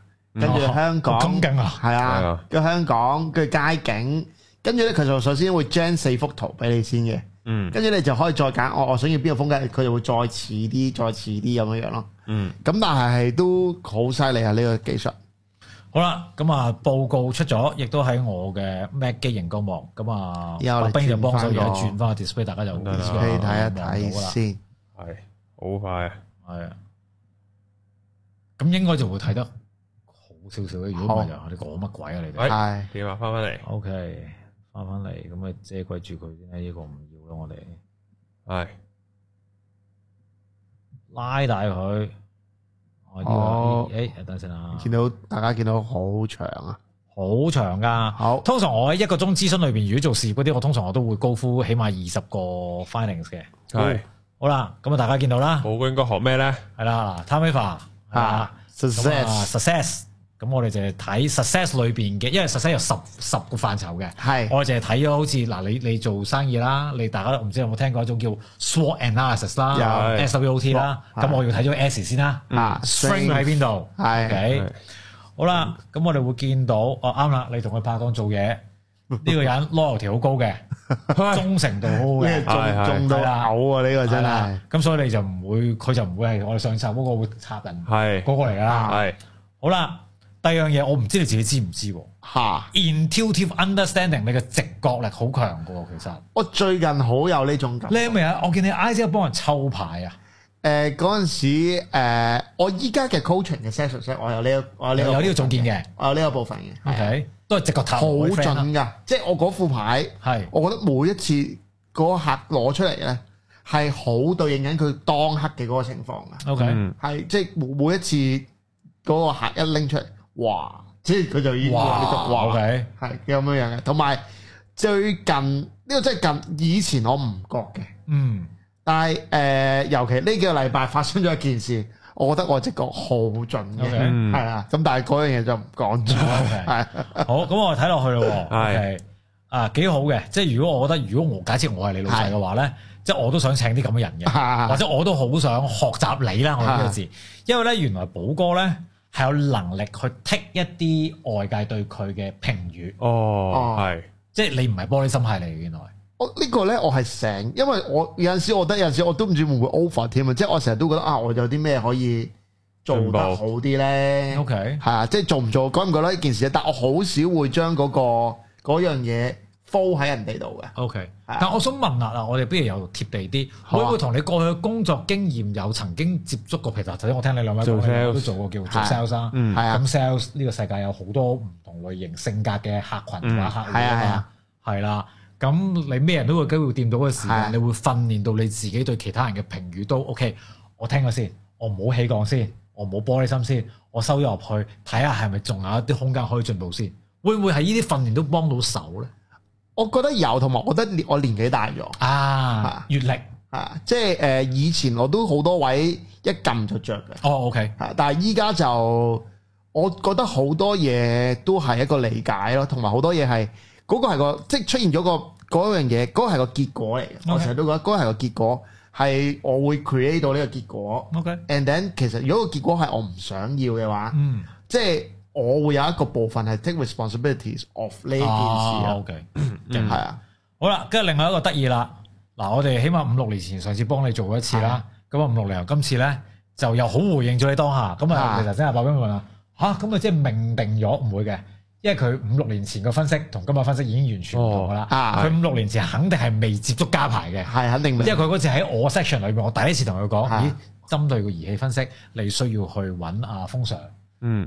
Speaker 3: 跟住、哦、香港，咁勁、哦、啊，係啊，跟香港，跟住街景，跟住咧，佢就首先會將四幅圖俾你先嘅，嗯，跟住你就可以再揀，我、哦、我想要邊個風格，佢就會再遲啲，再遲啲咁樣樣咯，嗯，咁但係都好犀利啊呢個技術。
Speaker 2: 好啦，咁啊，報告出咗，亦都喺我嘅 Mac 機型嗰幕，咁啊，阿兵就幫手而家轉翻個 display，大家就可以睇一睇先
Speaker 1: 啦。係，好快啊，係啊，
Speaker 2: 咁應該就會睇得好少少嘅。如果唔係就你講乜鬼啊你哋？喂，點啊？翻返嚟？OK，翻返嚟，咁啊遮蓋住佢先，呢一個唔要咯，我哋。
Speaker 1: 係，
Speaker 2: 拉大佢。哦，誒、哎，等陣啦，見到大家見到好長啊，好長噶，好，通常我喺一個鐘諮詢裏邊，如果做事業嗰啲，我通常我都會高呼起碼二十個 finings 嘅，係對，
Speaker 1: 好
Speaker 2: 啦，咁啊大家見到啦，
Speaker 1: 寶哥應該學咩咧？係啦 TimeWaver
Speaker 2: 吓，success，success。咁我哋就係睇 success 裏邊嘅，因為 success 有十十個範疇嘅。係，我哋淨係睇咗好似嗱，你你做生意啦，你大家都唔知有冇聽過一種叫 SWOT Analysis 啦，SWOT 啦。咁我要睇咗 S 先啦，啊，strength 喺邊度？係。好啦，咁我哋會見到，哦啱啦，你同佢拍檔做嘢，呢個人 loyalty 好高嘅，忠誠度高嘅，忠忠到啦，牛啊！呢個真係，咁所以你就唔會，佢就唔會係我哋上次嗰個會插人，係嗰個嚟㗎啦。係，好啦。第二樣嘢，我唔知你自己知唔知喎哈 Intuitive understanding，你嘅直覺力好強嘅喎，其實。
Speaker 3: 我最近好有呢種感覺。你明啊，
Speaker 2: 我見你 I G 幫人抽牌啊。
Speaker 3: 誒、呃，嗰陣時、呃、我依家嘅 coaching 嘅 session，我有呢、這個，我有呢個,、嗯、個總結嘅，我有呢個部分嘅。
Speaker 2: OK，是
Speaker 3: 都係直覺頭好準㗎，即係、嗯、我嗰副牌係。是我覺得每一次嗰個客攞出嚟咧，係好對應緊佢當刻嘅嗰個情況嘅。OK，係即係每每一次嗰個客一拎出嚟。哇！即係佢就依啲嘅啲讀話，有咁樣樣嘅。同埋最近呢個即係近以前我唔覺嘅，嗯。但係誒，尤其呢幾個禮拜發生咗一件事，我覺得我直覺好
Speaker 2: 準咁樣，係啊。
Speaker 3: 咁但係嗰樣嘢就唔講
Speaker 2: 咗。好咁，我睇落去咯，係啊，幾好嘅。即係如果我覺得，如果我假設我係你老細嘅話咧，即係我都想請啲咁嘅人嘅，或者我都好想學習你啦。我呢個字，因為咧原來寶哥咧。係有能力去剔一啲外界對佢嘅評語。哦，
Speaker 3: 係，
Speaker 2: 即係你唔係玻璃心係你原來。
Speaker 3: 哦，呢個呢，我係成，因為我有陣時我覺得有陣時我都唔知會唔會 over 添啊，即係我成日都覺得啊，我有啲咩可以做得好啲呢？OK，係啊，即係做唔做，覺唔覺得呢件事？但我好少會將嗰個嗰樣嘢，煲喺人哋
Speaker 2: 度嘅。OK，但我想問下啦，我哋不如又貼地啲。啊、會唔會同你過去嘅工作經驗有曾經接觸過？譬如話，頭先我聽你兩位做 sales 都做過叫做 sales 啊。咁 sales 呢個世界有好多唔同類型性格嘅客群同埋客戶啊嘛。係啦，咁你咩人都有機會掂到嘅時間，的你會訓練到你自己對其他人嘅評語都的 OK。我聽過先，我唔好起槓先，我唔好玻璃心先，我收咗入去睇下係咪仲有一啲空間可以進步先。會唔會係呢啲訓練都幫到手咧？我覺得有，同埋我覺得我年紀大咗啊，閱歷
Speaker 3: 啊，即係誒，呃，以前我都好多位一撳就着嘅。哦，OK，啊，但係依家就我覺得好多嘢都係一個理解咯，同埋好多嘢係嗰個係個，即係出現咗個嗰樣嘢，嗰個係個結果嚟嘅。我成日都覺得，嗰個係個結果係我會 create 到呢個結果。OK，and then 其實如果個結果係我唔想要嘅話，嗯，即係。我會有一個部分係 take responsibilities of 呢、啊、件事 o k 係
Speaker 2: 啊，okay. 啊好啦，跟住另外一個得意啦，嗱，我哋起碼五六年前上次幫你做過一次啦，咁啊五六年後今次咧，就又好回應咗你當下，咁啊，其實真係百般問啦，吓咁啊，即係命定咗唔會嘅，因為佢五六年前嘅分析同今日分析已經完全唔同噶啦，佢五六年前肯定係未接觸加排嘅，係肯定，因為佢嗰次喺我 section 裏面，我第一次同佢講，咦、啊，針對個儀器分析，你需要去揾
Speaker 1: 阿峰 Sir，嗯。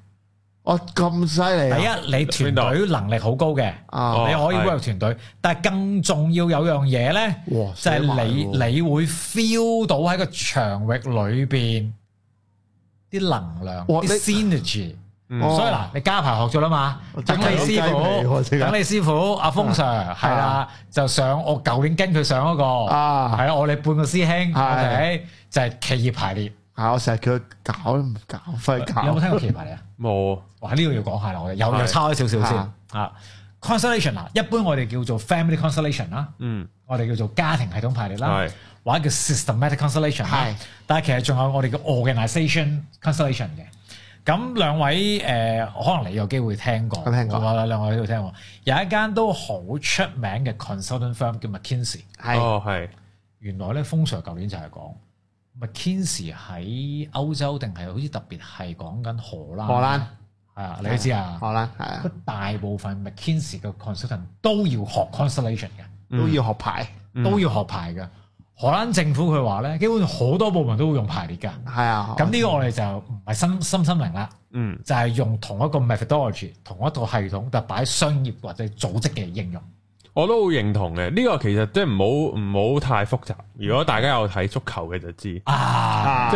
Speaker 2: 哦，咁犀利！第一，你團隊能力好高嘅，你可以 work 團隊，但係更重要有樣嘢咧，就係你你會 feel 到喺個場域裏邊啲能量，energy。所以嗱，你加排學咗啦嘛，等你師傅，等你師傅阿峰 Sir 係啦，就上我舊年跟佢上嗰個，係啊，我哋半個師兄，okay，就係企業排列。
Speaker 3: 啊！我成日叫佢搞，搞廢，搞。有冇聽過奇牌嚟啊？
Speaker 2: 冇。哇！呢個要講下我哋又又差咗少少先嚇。Constellation 嗱，一般我哋叫做 family constellation 啦。嗯。我哋叫做家庭系統排列啦。係。或者叫 systematic constellation 嚇。係。但係其實仲有我哋嘅 organisation constellation 嘅。咁兩位誒，可能你有機會聽過。我聽過。兩位都有聽過。有一間都好出名嘅 consultant firm 叫 McKinsey。哦，係。原來咧，風 Sir 舊年就係講。McKinsey 喺歐洲定係好似特別係講緊荷蘭？荷蘭係啊，你都知啊。荷蘭係啊，佢大部分 McKinsey 嘅 consultant 都要學 consultation 嘅，嗯、都要學牌，嗯、都要學牌嘅。荷蘭政府佢話咧，基本好多部門都會用排列㗎。係啊，咁呢個我哋就唔係新新心靈啦。嗯，就係用同一個 methodology，同一套系統，就擺商業或者組織嘅應用。
Speaker 1: 我都好認同嘅，呢個其實即係唔好唔好太複雜。如果大家有睇足球嘅就知，即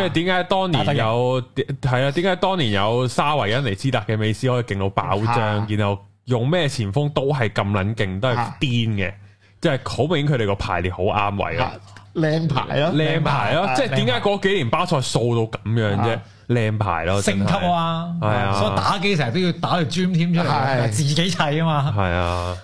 Speaker 1: 係點解當年有係啊？點解當年有沙維恩尼斯達嘅美斯可以勁到爆炸，然後用咩前鋒都係咁捻勁，都係癲嘅，即係好明顯佢哋個排列好啱位嘅，
Speaker 3: 靚排咯，靚排咯。即係點
Speaker 1: 解嗰幾年巴塞掃到咁樣啫？靚排咯，星級啊，所以打
Speaker 2: 機成日都要打條磚添出嚟，自己
Speaker 1: 砌啊嘛。係啊，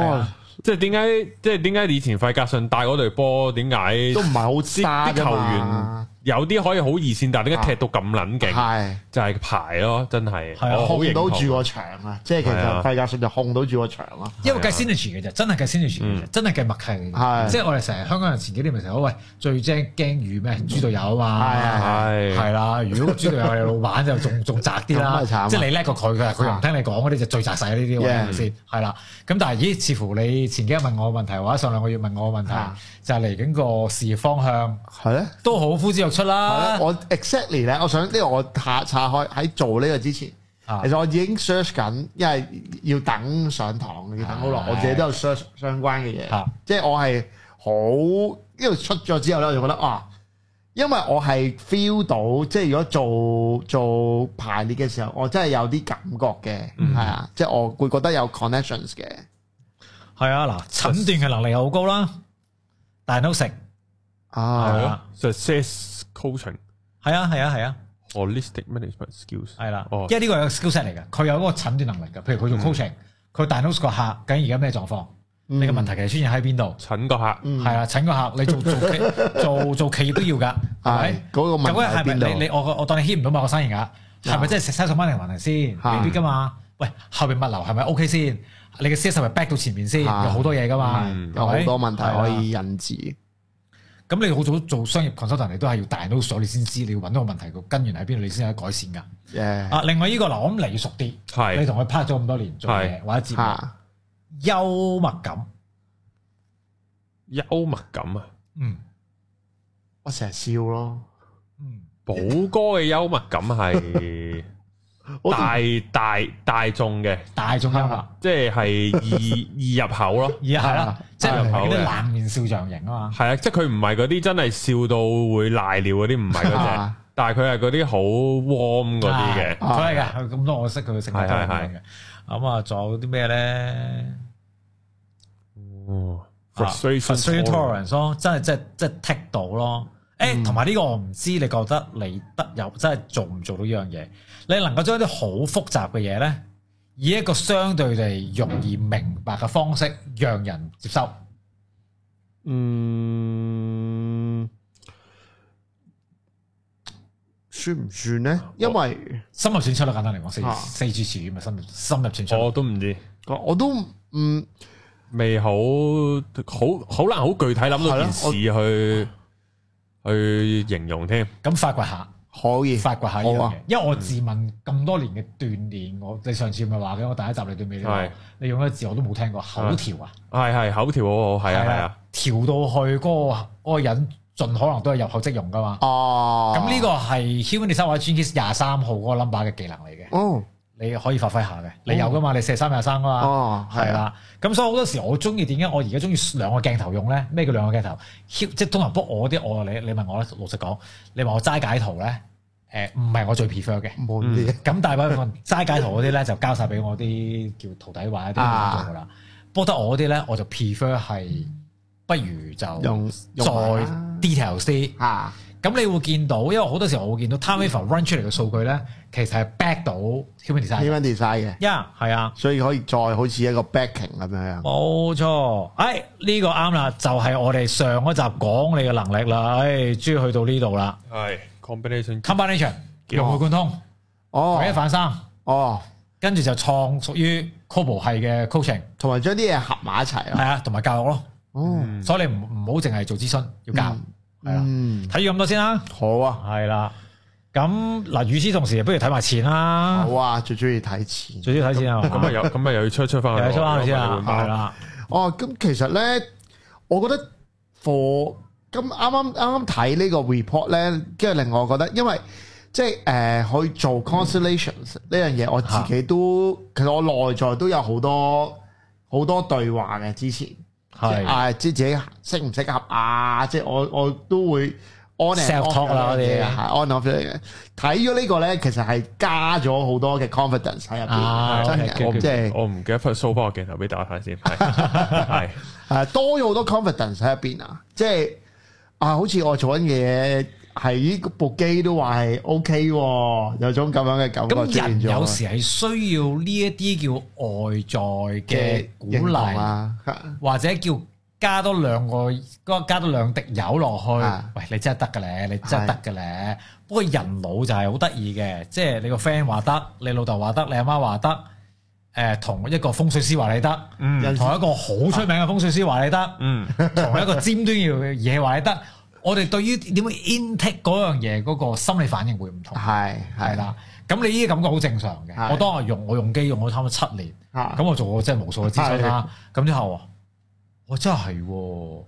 Speaker 1: 啊。即係點解？即係點解？以前費格遜帶嗰隊波，點解都唔係好渣嘅球員？有啲可以好易線，但點解踢到咁撚勁？係就係排咯，真係控唔到住個
Speaker 3: 場啊！即係其實費解，純就
Speaker 2: 控到住個場
Speaker 3: 咯。因為
Speaker 1: 計
Speaker 2: 先 t r a t 嘅啫，真係計先 t r a 真係計默契即係我哋成日香港人前幾年咪成日講喂最精驚魚咩？豬度有啊嘛，係係啦。如果豬度有，你老闆就仲仲窄啲啦，即係你叻過佢，佢佢唔聽你講嗰啲就最窄晒呢啲。先係啦。咁但係咦？似乎你前幾日問我個問題，或者上兩個月問我個問題，就係嚟緊個事業方向係咧都好
Speaker 3: 枯燥。出啦！我 exactly 咧，我想呢個我下拆開喺做呢個之前，其實我已經 search 緊，因為要等上堂要等好耐，我自己都有 search 相關嘅嘢，即係我係好因為出咗之後咧，我就覺得啊，因為我係 feel 到，即係如果做做排列嘅時候，我真係有啲感覺嘅，係啊，即係我會覺得有 connections 嘅，
Speaker 2: 係啊，嗱，診斷嘅能力好高啦，大能食
Speaker 1: 啊 s u coaching 係啊係啊係啊 holistic management skills 係啦，因為呢個有
Speaker 2: skill set 嚟噶，佢有一個診斷能力噶，譬如佢做 coaching，佢 diagnose 個客，究竟而家咩狀況？你個問題其實出現喺邊度？診個客係啊，診個客，你做做做做企業都要噶，係咪？嗰個問題喺邊度？你你我我當你牽唔到某個生意噶，係咪真係食三十蚊嚟問題先？未必噶嘛。喂，後邊物流係咪 OK 先？你嘅 sales 係咪 back 到前面先？有好多嘢噶嘛，有好多問題可以引致。咁你好早做商業 consultant 你都係要 diagnose 你先知，你要揾到個問題個根源喺邊，你先有改善噶。
Speaker 3: Yeah. 啊，
Speaker 2: 另外呢、這個嗱，我諗你熟啲，是你同佢拍咗咁多年做嘢是或者節目，啊、幽默感，
Speaker 1: 幽默感啊，
Speaker 2: 嗯，我成日笑咯，
Speaker 3: 嗯，
Speaker 1: 寶哥嘅幽默感係。大大大眾嘅大眾音樂嘛， 即係易易入口咯，係啦， 即係嗰啲冷
Speaker 2: 面笑樣型啊嘛，
Speaker 1: 係啊，即係佢唔係嗰啲真係笑到會瀨尿嗰啲，唔係嗰隻，但係佢係嗰啲好 warm 嗰啲嘅，所係嘅，
Speaker 2: 咁多我識佢嘅性格係
Speaker 1: 咁嘅。咁啊，仲有啲咩咧？哦，frustration frustration tolerance
Speaker 2: 咯，真係即係即係 tick 到咯。誒，同埋呢個我唔知，你覺得你得有真係做唔做到呢樣嘢？你能夠將一啲好複雜嘅嘢呢，以一個相對地容易明白嘅方式，讓人接收。嗯，算唔算呢？因為深入淺出啦，簡單嚟講，四四
Speaker 1: 字詞語咪深入深入淺出。我都唔知，我都嗯未好好好難好具體諗到件事去。去形容添，咁、嗯、發掘下可以發掘下呢樣嘢、啊、
Speaker 2: 因為我自問咁多年嘅鍛鍊，我、嗯、你上次咪話嘅，我第一集你對面是你用嘅字我都冇聽過口調
Speaker 1: 啊，係係口調好好，係啊係啊，啊啊
Speaker 2: 調到去嗰、那個那個人盡可能都係入口即溶噶嘛，咁呢、啊、個係 Human Design 或者 Gene Keys 廿三號嗰個 number 嘅技能嚟嘅。嗯。你可以發揮下嘅，你有噶嘛？你四十三廿三噶嘛？哦，係啦。咁的所以好多時我中意點解我而家中意兩個鏡頭用咧？咩叫兩個鏡頭？即係通常幫我啲我你你問我咧，老實講，你問我齋解，解圖咧，誒唔係我最 prefer 嘅。冇咁、嗯、大部分齋 解，解圖嗰啲咧就交晒俾我啲叫徒弟畫一啲嘢噶啦。幫得、啊、我啲咧，我就 prefer 係、嗯、不如就用再，再 detail 啲嚇。啊啊咁你會見到，因為好多時候我會見到 TimeWaver run 出嚟嘅數據咧，其實係 back 到 human design，human
Speaker 3: design 嘅，呀，係啊，所以可以再好似一個 backing 咁樣。冇錯，誒、
Speaker 2: 哎、呢、這個啱啦，就係、是、我哋上一集講你嘅能力啦，誒、哎、終於去到呢度啦，
Speaker 1: 係 combination combination
Speaker 2: 融會貫通，哦，一反三，哦，跟住就創屬於 Cobo 系嘅 coaching 同埋將啲嘢合埋一齊啊，係啊，同埋教育咯，哦、嗯，所以你唔唔好淨係做諮詢，要教。嗯。係啊，睇完咁多先啦。好啊，係啦。咁嗱，與此同時，不如睇埋錢啦。好啊，最中意睇錢，最中意睇錢啊。咁啊又，咁啊又要出出翻去。出翻先啊，係啦。哦，咁其實
Speaker 3: 咧，我覺得 for 咁啱啱啱啱睇呢個 report 咧，跟住令我覺得，因為即係誒去做 constellations 呢樣嘢，我自己都其實我內在都有好多好多對話嘅之前。係啊，知自己適唔適合啊？即係我我都會 on talk 啦，我哋係 on off 嘅。睇咗呢個咧，其實係加咗好多嘅 confidence 喺入邊。真係，即
Speaker 1: 係我唔記得 put 收翻個鏡頭俾大家睇先。係係
Speaker 3: 多咗好多 confidence 喺入邊啊！即係啊，好似我做緊嘢。係呢部機都話係 O K，有種咁樣嘅感覺存在咗。咁人有時係
Speaker 2: 需要呢一啲叫外在嘅鼓勵啊，或者叫加多兩個，嗰加多兩滴油落去。啊，喂，你真係得嘅咧，你真係得嘅咧。是不過人腦就係好得意嘅。即係你個 friend 話得，你老豆話得，你阿媽話得，誒、呃、同一個風水師話你得，得，同、嗯、一個好出名嘅風水師話你得，得，同、嗯、一個尖端要嘢話你得。嗯 我哋對於點樣 intake 嗰樣嘢嗰個心理反應會唔同？係係啦，咁你呢啲感覺好正常嘅。的我當日用我用機用咗差唔多七年，咁的我做過真係無數嘅資訊啦。咁的之後，我真係喎、哦，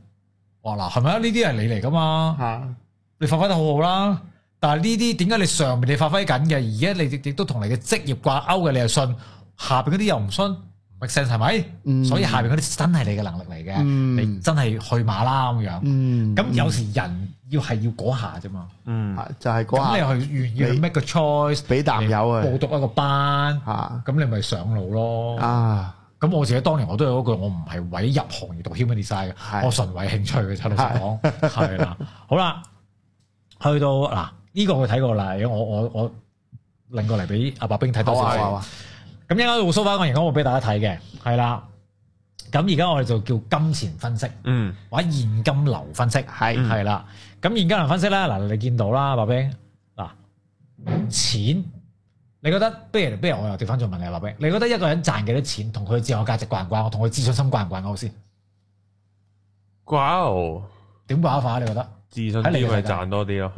Speaker 2: 我嗱係咪啊？呢啲係你嚟噶嘛？的你發揮得好好啦。但係呢啲點解你上面你發揮緊嘅，而家你亦亦都同你嘅職業掛鈎嘅，你係信下邊嗰啲又唔信？係咪？所以下邊嗰啲真係你嘅能力嚟嘅，你真係去馬啦咁樣。咁有時人要係要嗰下啫嘛。就係嗰下。咁你去願意 make 個 choice，俾男友啊，報讀一個班。吓，咁你咪上路咯。啊，咁我自己當年我都有一句，我唔係為入行而讀 human design 嘅，我純為興趣嘅。老實講係啦，好啦，去到嗱呢個我睇過啦，我我我拎過嚟俾阿白冰睇多少個。咁而家我收翻我演講我俾大家睇嘅，係啦。咁而家我哋就叫金錢分析，嗯，或者「現金流分析，係係啦。咁、嗯、現金流分析咧，嗱你見到啦，白兵嗱，錢你覺得，不如不如我又調翻再問你，白兵，你覺得一個人賺幾多錢，同佢自我價值掛唔掛？我同佢自信心掛唔掛？我先
Speaker 1: 掛哦、啊。點掛法你覺得哇你自信心係咪賺多啲啊？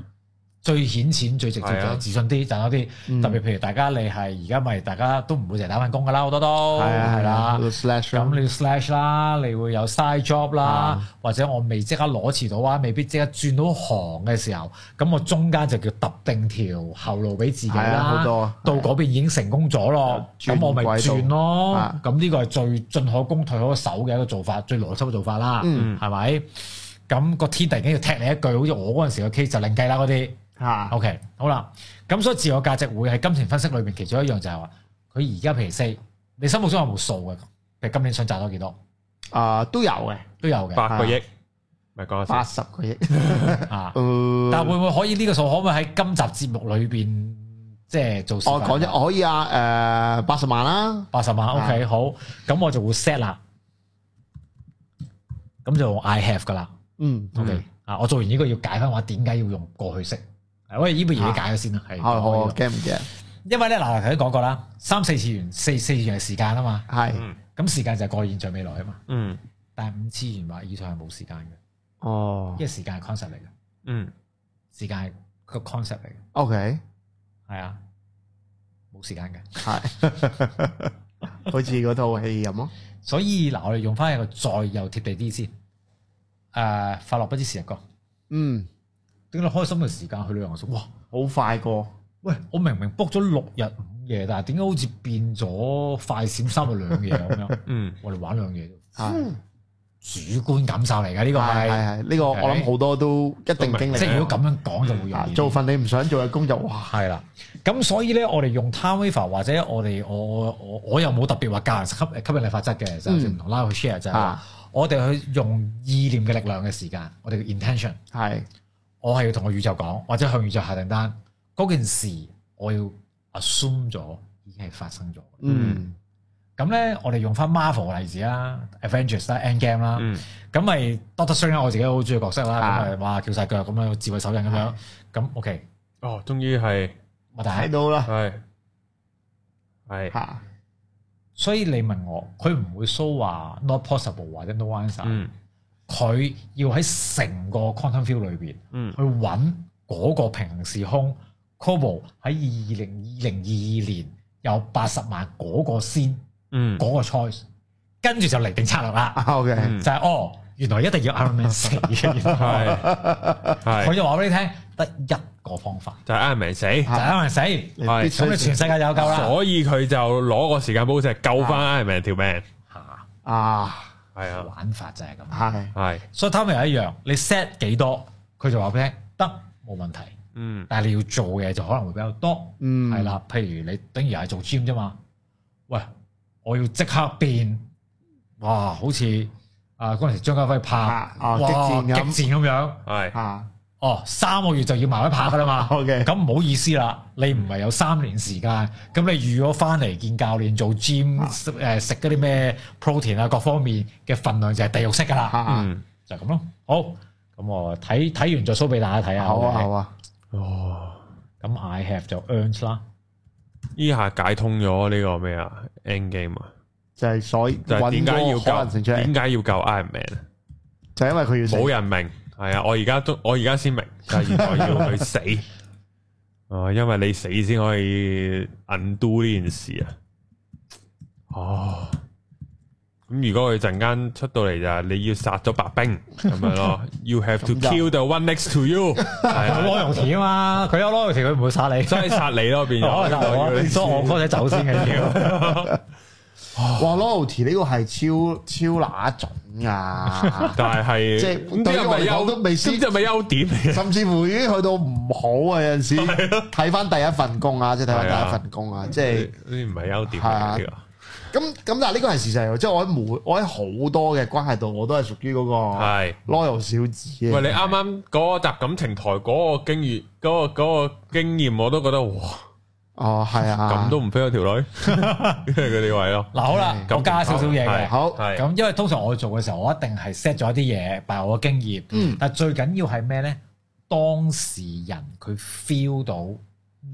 Speaker 2: 最顯淺最直接就自信啲賺多啲，特別譬如大家你係而家咪大家都唔會成日打份工噶啦好多都係啦，咁你 slash 啦，你會有 side job 啦，或者我未即刻攞錢到啊，未必即刻轉到行嘅時候，咁我中間就叫揼定條後路俾自己啦，好多到嗰邊已經成功咗咯，咁我咪轉咯，咁呢個係最進可攻退可守嘅一個做法，最邏輯嘅做法啦，係咪？咁個天突然間要踢你一句，好似我嗰陣時嘅 case 就另計啦嗰啲。啊，OK，好啦，咁所以自我價值會喺金錢分析裏邊其中一樣就係、是、話，佢而家譬如四，你心目中有冇數嘅？你今年想賺多幾多？
Speaker 3: 啊、呃，都有嘅，
Speaker 2: 都有嘅。八個億，
Speaker 3: 咪是八十個億 啊，
Speaker 1: 但
Speaker 2: 會唔會可以呢個數可唔可以喺今集節目裏邊即係做數？我講
Speaker 3: 啫，我可以啊，誒、呃，
Speaker 2: 八十萬啦、啊，八十萬，OK，好，咁我就會 set 啦，咁就用 I have 噶啦，嗯
Speaker 3: ，OK，
Speaker 2: 嗯啊，我做完呢個要解翻，我點解要用過去式？我哋依部嘢你解咗先啦，係、啊。驚唔驚？因為咧嗱，頭先講過啦，三四次元，四四次係時間啊嘛。係是。咁、嗯、時間就係過現在未來啊嘛。哦、嗯。但係五次元話以上係冇時間嘅。
Speaker 3: 哦。因為
Speaker 2: 時間係 concept 嚟嘅。嗯。時間係個 concept 嚟嘅。OK。係啊。冇時間嘅。係是。好似嗰套戲咁咯。所以嗱，我哋用翻一個再又貼地啲先。誒、呃，快樂不知時日過。嗯。點解開心嘅時間去旅行，哇，好快過！喂，我明明 book 咗六日五夜，但係點解好似變咗快閃三日兩夜咁樣？ 嗯，我哋玩兩嘢，嗯、主觀感受嚟㗎呢個係，呢、這個我諗好多對都一定經歷。即係如果咁樣講，就會容易、啊、做份你唔想做嘅工作，哇，係啦。咁所以咧，我哋用 TimeWaver 或者我哋，我我我,我又冇特別話教吸吸引力法則嘅，就唔、是、同拉去、嗯、share 就啫。我哋去用意念嘅力量嘅時間，我哋叫 intention 係。我係要同個宇宙講，或者向宇宙下訂單，嗰件事我要 assume 咗已經係發生咗。嗯，咁咧、嗯、我哋用翻 Marvel 嘅例子啦，Avengers 啦，Endgame 啦、嗯，咁咪 Doctor Strange 我自己都好中意角色啦，咁咪、啊就是、哇叫晒腳咁樣智慧手印咁樣，咁是 OK，哦，
Speaker 1: 終於係睇到啦，係係、
Speaker 2: 啊，所以你問我，佢唔會 show 話 not possible 或者 no answer、嗯。佢要喺成個 quantum field 裏邊，嗯，去揾嗰個平行時空 c o b o 喺二零二零二二年有八十萬嗰個先，嗯，嗰個 choice，跟住就嚟定策略啦。啊、o、okay. K，就係、是、哦，原來一定要 Iron Man 死。係，
Speaker 1: 佢呵就話俾你聽，得一個方法，就係 Iron Man 死，就 Iron Man 死。係，咁你全世界就有救啦。所以佢就攞個時間寶石救翻 Iron Man 條命。嚇啊！啊係啊，玩法就係咁吓，係、啊，所以他們又一樣，你 set 幾多，佢就話俾你聽，得
Speaker 2: 冇問題，嗯，但係你要做嘅嘢就可能會比較多，嗯，係啦，譬如你等於係做 gym 啫嘛，喂，我要即刻變，哇，好似啊嗰陣時張家輝拍啊，啊哇激戰咁、啊，激戰
Speaker 1: 咁樣，係、啊，吓、啊。
Speaker 2: 哦，三個月就要埋一拍噶啦嘛，OK 咁唔好意思啦，你唔係有三年時間，咁你預咗翻嚟見教練做 gym，誒食嗰啲咩 protein 啊，pr 各方面嘅份量就係地獄式噶啦，啊啊、嗯，就係、是、咁咯，好，咁我睇睇完再 show 俾大家睇下。好啊，okay, 好啊，哦，咁 I have 就 earned 啦，
Speaker 1: 呢下解通咗呢個咩啊，end game 啊，就係所以就係點解要救點解要救 Iron Man？就係因為佢要冇人命。係啊，我而家都我而家先明，原來要去死，哦，因為你死先可以 undo 呢件事啊，哦，咁如果佢陣間出到嚟就係你要殺咗白兵，咁 樣咯，You have to kill the one next to you，係啊， 羅 容田啊嘛，佢有羅容田佢唔會殺你，所以殺你咯，變咗，你 所以我哥仔走先嘅要。
Speaker 3: 哇！loyalty 呢個係超超哪一種啊？但係即係，呢啲係咪優都未先？呢啲係咪優點？甚至乎已經去到唔好啊！有陣時睇翻第一份工啊，即係睇翻第一份工啊，即
Speaker 1: 係呢啲唔係優點嚟嘅。
Speaker 3: 咁咁，但係呢個係事實，即係我喺每我喺好多嘅關係度，我都係屬
Speaker 1: 於嗰個係 loyal 小子嘅。喂，你啱啱嗰集感情台嗰個經驗，嗰個嗰個經驗，我都覺得哇！哦，係啊，咁都唔飛咗條女，即係啲位咯。嗱 是，好啦，我加少少嘢嘅，好，咁
Speaker 2: 因為通常我做嘅時候，我一定係 set 咗一啲嘢，憑我經驗。嗯，但最緊要係咩咧？當事人佢 feel 到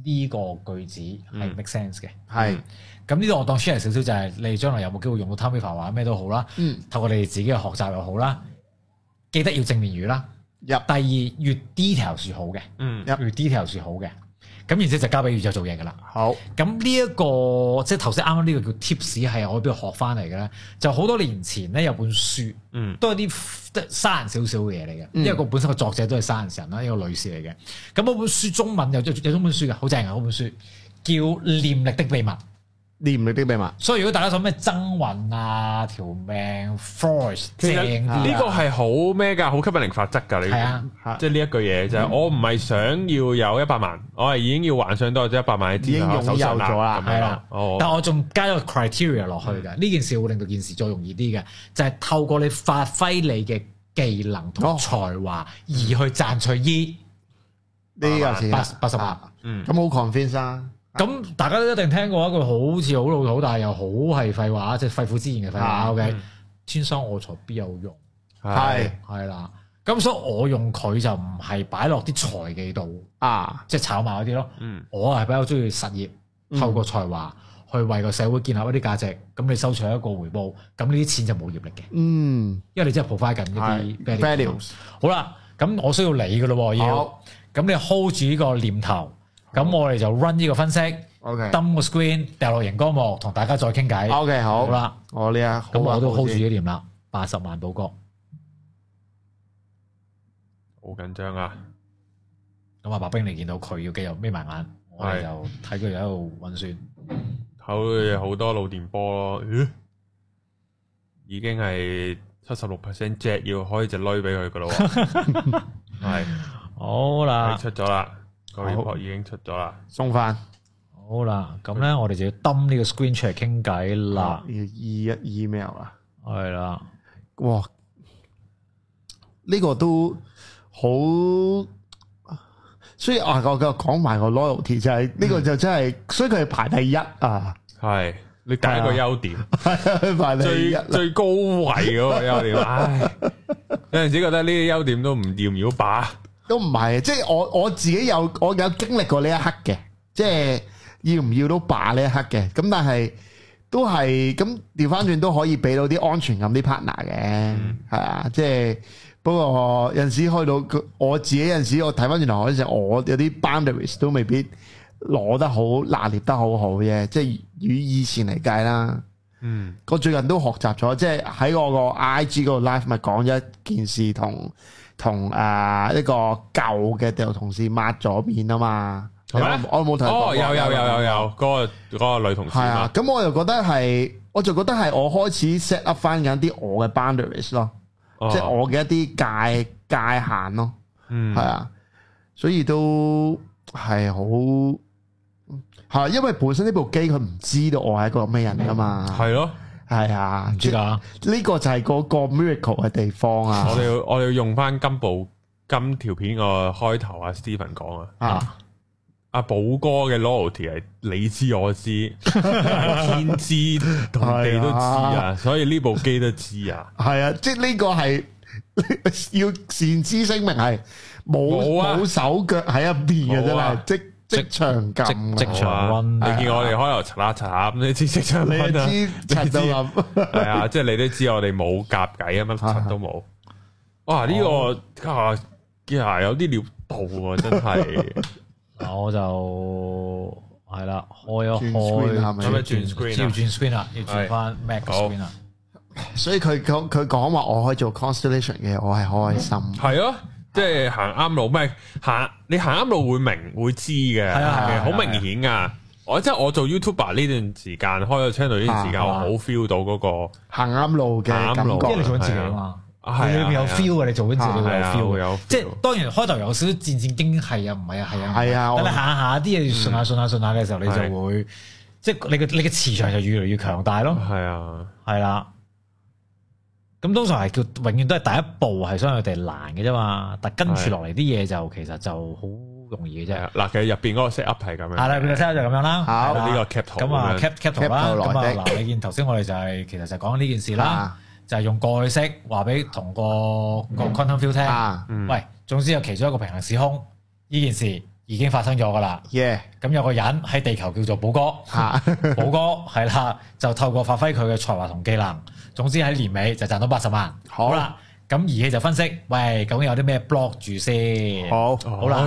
Speaker 2: 呢個句子係 make sense 嘅，係、嗯。咁呢度我當 share 少少就係，你哋將來有冇機會用到 terminology 咩都好啦。嗯，透過你哋自己嘅學習又好啦，記得要正面語啦。一、嗯，第二越 detail 是好嘅、嗯。嗯，越 detail 是好嘅。.咁然之後就交俾宇宙做嘢㗎啦。好，咁呢一個即係頭先啱啱呢個叫 tips 係我喺邊度學翻嚟嘅咧？就好多年前咧有本書，小小嗯，都係啲啲生人少少嘅嘢嚟嘅，因為個本身個作者都係生人神啦，一個女士嚟嘅。咁嗰本書中文有，有中文書嘅，好正嘅嗰本書叫《念力的秘密》。念力啲咩嘛？所以如果大家想咩增運啊，條命 force 即係呢個係
Speaker 1: 好咩噶？好吸引力法則噶，你係啊，即係呢一句嘢就係我唔係想要有一百萬，我係已經要幻想到有一百萬嘅資產，擁有咗啦，係啦。哦，但我
Speaker 2: 仲加咗個 criteria 落去嘅呢件事會令到件事再容易啲嘅，就係透過你發揮你嘅技能同才華而去賺取呢啲嘅錢。八十八，嗯，咁好 confident 咁大家都一定聽過一句，好似好老土，但係，又好係廢話，即係肺腑之言嘅廢話。O.K. 天生我材必有用，係係啦。咁所以，我用佢就唔係擺落啲財技度啊，即係炒埋嗰啲咯。我係比較中意實業，透過才華去為個社會建立一啲價值，咁你收取一個回報，咁呢啲錢就冇業力嘅。
Speaker 3: 嗯，
Speaker 2: 因為你真係抱翻緊呢啲 values。好啦，咁我需要你噶咯，要咁你 hold 住呢個念頭。咁我哋就 run 呢個分析，down Okay. 個 screen，掉落螢光幕，同大家再傾偈。O、okay, K，好啦，吧我呢、這個，咁我，先我都 hold 住幾年啦，八十萬寶哥，
Speaker 1: 好緊張啊！
Speaker 2: 咁啊，白兵你見到佢要繼續眯埋眼，我哋就睇佢
Speaker 1: 喺度運算，睇佢好多腦電波咯。咦，已經係七十六 percent，Jack 要開隻鐳俾佢噶啦，係 是好啦，出咗啦。已經出咗啦，
Speaker 2: 送翻回好啦，咁咧我哋就要登呢個 screen 出嚟傾偈啦，email 啊，係、e、啦，了哇，呢、
Speaker 3: 這個都好，所以啊，我我講埋個 loyalty 就係呢個就真係，嗯、所以佢係排第一啊，係你
Speaker 1: 第一個優點，
Speaker 3: 係對了 排第一最，最
Speaker 1: 高位嗰個優點，唉，有陣時覺得呢啲優點都唔掂，唔要把。
Speaker 3: 都唔係，即係我我自己有我有經歷過呢一刻嘅，即係要唔要都罷呢一刻嘅。咁但係都係咁調翻轉都可以俾到啲安全感啲 partner 嘅，係啊、嗯。即係不過有陣時去到佢，我自己有陣時我睇翻原來嗰陣時我有啲 boundaries 都未必攞得好、拿捏得好好嘅。即係與以，以前嚟計啦，嗯，我最近都學習咗，即係喺我個 IG 嗰度 live 咪講咗一件事同。同誒一個舊嘅舊同事抹咗面啊嘛，麼我冇睇過，哦，有有有有
Speaker 1: 有，嗰、嗰個嗰個女同事。係啊，咁我
Speaker 3: 就覺得係，我就覺得係我開始 set up 翻緊啲我嘅 boundaries 咯，即係、oh. 我嘅一啲界界限咯。嗯，係啊，所以都係好，係啊，因為本身呢部機佢唔知道我係一個咩人噶嘛。係咯、嗯。係啊，呢、這個呢個就係個個 miracle 嘅地
Speaker 1: 方啊！我哋要我哋要用翻今部今條片個開頭啊，Stephen 講啊，阿阿寶哥嘅 loyalty 係你知我知， 天
Speaker 3: 知 同地都知啊，啊
Speaker 1: 所以呢部機都知啊，
Speaker 3: 係啊，即係呢個係 要先旨聲明係冇冇手腳喺一邊嘅咋嘛。啊、即職場夾，職場温。你見
Speaker 1: 我哋開頭擦查，擦，咁你知職場你啲，
Speaker 3: 知都諗。
Speaker 1: 係啊，即係你都知我哋冇夾計啊，乜柒都冇。哇！呢個啊，有啲料到啊，真係。
Speaker 2: 我就係啦，我有開做乜轉 screen 啊？要轉
Speaker 1: 翻 Mac screen 啊？
Speaker 3: 所以佢講，佢講話我可以做 constellation 嘅，我係開心。
Speaker 1: 係啊。即係行啱路，咩？行。你行啱路會明會知嘅。係啊，啊，好明顯噶。我即係我做 YouTuber 呢段時間，開咗 channel 呢段時間，我好 feel 到嗰個行啱路嘅啱路感覺。你做緊自己啊嘛，你裏面有 feel 嘅，你做緊自己有 feel 嘅，
Speaker 2: 即係當然開頭有少少戰戰兢兢，係啊，唔係啊，係啊。係啊，咁你行下下啲嘢，順下順下順下嘅時候，你就會即係你嘅你嘅磁場就越嚟越強大咯。係啊，係啦。咁通常係叫永遠都係第一步係想佢哋難嘅啫嘛。但跟住落嚟啲嘢就其實就好容易嘅
Speaker 1: 啫。嗱，其實入邊嗰個 set up 係咁樣。啊，入邊個 set up 就咁樣啦。好，呢個 capital 咁啊，capital capital 啦。咁啊，嗱，你
Speaker 2: 見頭先我哋就係其實就講呢件事啦，就係用過去式話俾同個個 quantum field 聽。啊，嗯。喂，總之有其中一個平行時空呢件事。已經發生咗噶啦，咁 Yeah.、嗯、有個人喺地球叫做寶哥，ah. 寶哥係啦，就透過發揮佢嘅才華同技能，總之喺年尾就賺到八十萬。好，好啦，咁、嗯、儀器就分析，喂，究竟有啲咩 block 住先？好，好啦，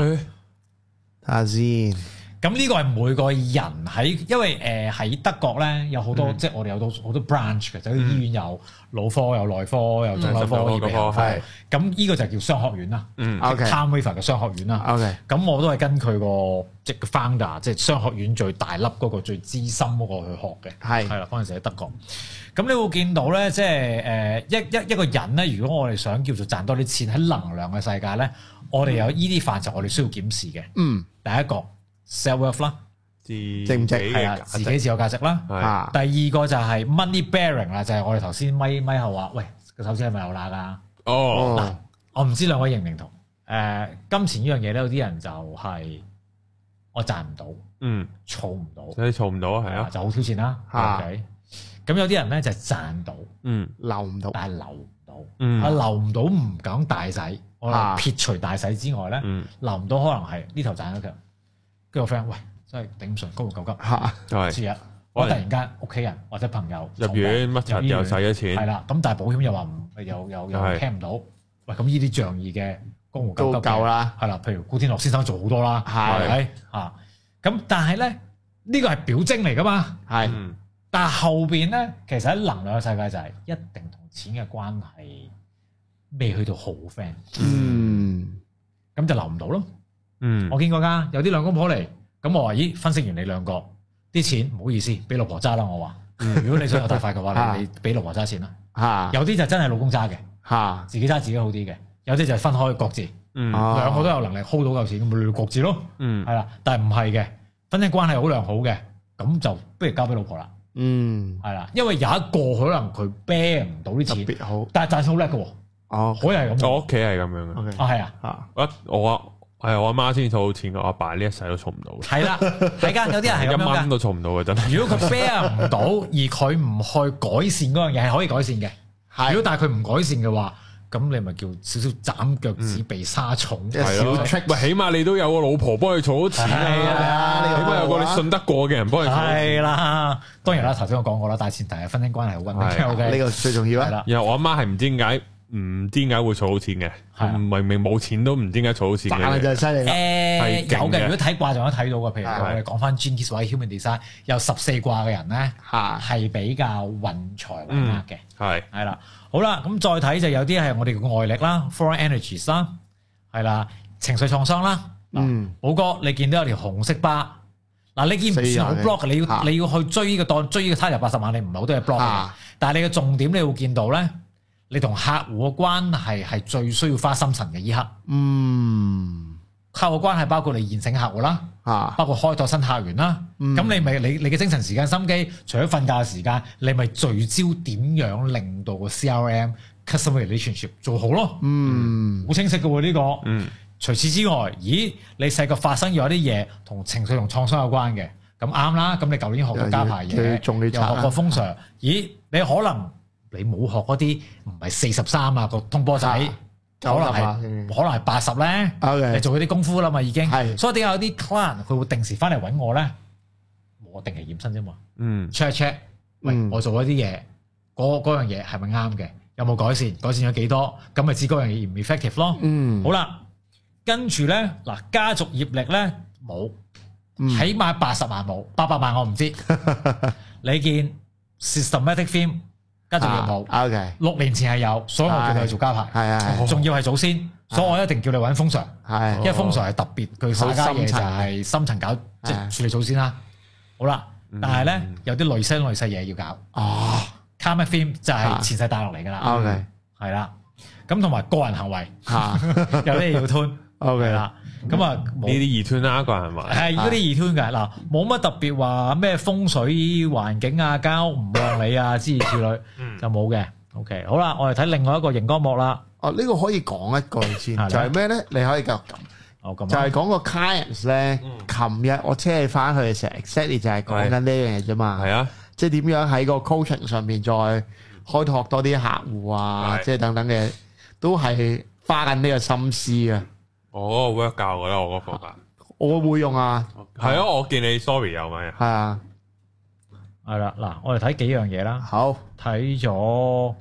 Speaker 2: 睇下先、哎。咁呢個係每個人喺，因為誒喺、呃、德國咧有好多，嗯、即係我哋有好多好多 branch 嘅，就啲醫院有腦科、有內科、有中醫科、耳鼻喉科、咁依個就叫商學院啦，
Speaker 1: 即係 TimeWaver
Speaker 2: 嘅商學院啦。咁 okay, 我都係跟佢個即係 founder，即係商學院最大粒、那、嗰個最資深嗰個去學嘅。係係啦，嗰陣時喺德國。咁你會見到咧，即係誒、呃、一一一,一,一,一,一,一個人咧，如果我哋想叫做賺多啲錢喺能量嘅世界咧，我哋有呢啲範疇，我哋需要檢視嘅。嗯，第一個。self worth 啦，正值係啊，自己自有價值啦。第二個就係 money bearing 啦，就係我哋頭先咪咪後話，喂，手先係咪有啦㗎？哦，嗱，我唔知兩位認唔認同？誒，金錢呢樣嘢咧，有啲人就係我賺唔到，嗯，儲唔
Speaker 1: 到，所以儲唔到係啊，就好挑戰啦。嚇，
Speaker 2: 咁有啲人咧就係賺到，嗯，留唔到，但係留唔到，啊，留唔到唔講大洗，我撇除大洗之外咧，留唔到可能係呢頭賺得強。跟住個 friend 喂，真係頂唔順，江湖救急嚇，係知啊！我突然間屋企人或者朋友入院乜柒又使咗錢，係啦。咁但係保險又話唔，又又又聽唔到。喂，咁呢啲仗義嘅江湖救急都夠啦，係啦。譬如古天樂先生做好多啦，係嚇。咁但係咧，呢個係表徵嚟噶嘛？係，但係後邊咧，其實喺能量嘅世界就係一定同錢嘅關係未去到好 friend，嗯，咁就留唔到咯。嗯，我見過噶，有啲兩公婆嚟，咁我話，咦，分析完你兩個，啲錢唔好意思，俾老婆揸啦，我話。如果你想有大快嘅話，你俾老婆揸錢啦。吓，有啲就真係老公揸嘅，吓，自己揸自己好啲嘅，有啲就係分開各自，
Speaker 1: 嗯，兩個都有
Speaker 2: 能力 hold 到嚿錢，咪各自咯，嗯，係啦，但係唔係嘅，反正關係好良好嘅，咁就不如交俾老婆啦，嗯，係啦，因為有一個可能佢 bear 唔到啲錢，但係賺錢好叻嘅，哦，
Speaker 1: 可以係咁，我屋企係咁樣嘅，係啊，吓，我我啊。係我阿媽先儲到錢，我阿爸呢一世都儲唔到。係啦，大家有啲人係咁噶。一蚊都儲唔到嘅真。如果佢 fail 唔到，
Speaker 2: 而佢唔去改善嗰樣嘢，係可以改善嘅。係。如果但係佢唔改善嘅話，咁你咪叫少少斬腳趾被沙蟲。係
Speaker 1: 咯。起碼你都有個老婆幫佢儲到錢。係啊，呢起碼有個你信得過嘅人幫你。係啦，當然啦，頭
Speaker 2: 先我講過啦，大前提係婚姻關係好穩定嘅。OK，呢個最重要。係
Speaker 1: 啦。然後我阿媽係唔知點解。唔知點解會儲到錢嘅，啊、明明冇錢都唔知點解儲到錢嘅。怪啊真係犀利咧，欸、有嘅。如果睇
Speaker 2: 卦就應該睇到嘅。譬如我哋講翻 Gene Keys Human Design 有十四卦嘅人咧，係比較運財運厄嘅。係係啦，好啦，咁再睇就有啲係我哋嘅外力啦，foreign energies 啦，係、啊、啦，情緒創傷啦。嗯，寶哥，你見到有條紅色巴，嗱、啊，你見唔見有 block？、啊、你要你要去追呢、這個當追呢個差入八十萬，你唔係好多嘢 block、啊、但係你嘅重點你會見到咧。你同客戶嘅關係係最需要花心神嘅一刻。嗯，客戶關係包括你現成客戶啦，啊，包括開拓新客源啦。咁、嗯、你咪你你嘅精神時間心機，除咗瞓覺嘅時間，你咪聚焦點樣令到個 C R M customer relationship、嗯、做好咯。嗯，好、嗯、清晰嘅喎呢個。嗯，除此之外，咦，你細個發生咗一啲嘢同情緒同創傷有關嘅，咁啱啦。咁你舊年學過加排嘢，又學過風 Sir。咦、啊啊啊，你可能？你冇學嗰啲唔係四十三啊、嗰個通波仔、就係，啊、98，可能係、嗯、可能係八十咧，okay，你做嗰啲功夫啦嘛已經，okay，所以點解有啲 client 佢會定時翻嚟揾我咧？我定係驗身啫嘛，check 一 check，喂，嗯、我做咗啲嘢，嗰樣嘢係咪啱嘅？有冇改善？改善咗幾多？咁咪知嗰樣嘢唔 effective 咯。嗯，好啦，跟住咧，嗱家族業力咧冇，起碼八十萬冇，八百萬我唔知。 你見 systematic theme 跟住冇。O K，六年前係有，所以我叫你做加排。係係，仲要係祖先，所以我一定叫你揾封 Sir。係，因為封 Sir 係特別，佢曬家嘢就係深層搞，即係處理祖先啦。好啦，但係咧，有啲類似類似嘢要搞。
Speaker 1: 啊，
Speaker 2: 卡密 Theme 就係前世大陸嚟㗎啦。O K，係啦。咁同埋個人行為，
Speaker 1: 有啲嘢要吞？O K 啦，咁啊呢啲易吞啦，一個人話係嗰啲易
Speaker 2: 吞嘅嗱，冇乜特別話咩風水環境啊，間屋唔旺你啊，諸如此類就冇嘅。O K，好啦，我哋睇另外一個熒光幕啦。哦，呢個可以講一句先，就係咩咧？你可以咁，哦咁，就係講個 clients
Speaker 3: 咧，琴日我車你翻去嘅時候 exactly 就係講緊呢樣嘢啫嘛。係啊，即係點樣喺個 coaching 上面再開拓多啲客戶啊，即係等等嘅，都係花緊呢個心思啊。
Speaker 1: 我嗰個 work 教㗎啦，我嗰個複雜、啊，我會用啊，係對啊，我見你 sorry 有咪，係啊，
Speaker 2: 係、啊啊、啦，嗱，我哋睇幾樣嘢啦，好，睇咗。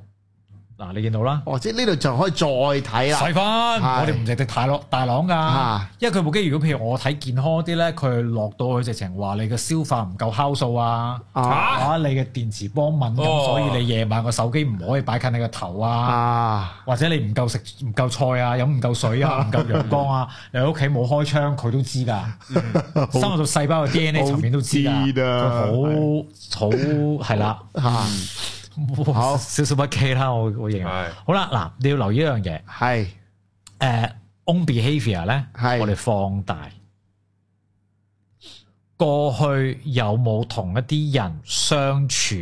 Speaker 2: 嗱，你見到啦？哦，即係呢度就可以再睇啦。細翻，我哋唔直直睇落大朗噶。因為佢部機，如果譬如我睇健康啲咧，佢落到去直情話你個消化唔夠酵素啊，啊，你嘅電磁波敏感，所以你夜晚個手機唔可以擺近你個頭啊。或者你唔夠食唔夠菜啊，飲唔夠水啊，唔夠陽光啊，你屋企冇開窗，佢都知噶。深入到細胞嘅 DNA 層面都知噶。好，好，係啦，嚇。好少少不羈啦，我我認為。好啦，嗱，你要留意一樣嘢，係誒，own behavior 咧，我哋放大過去有冇同一啲人相處，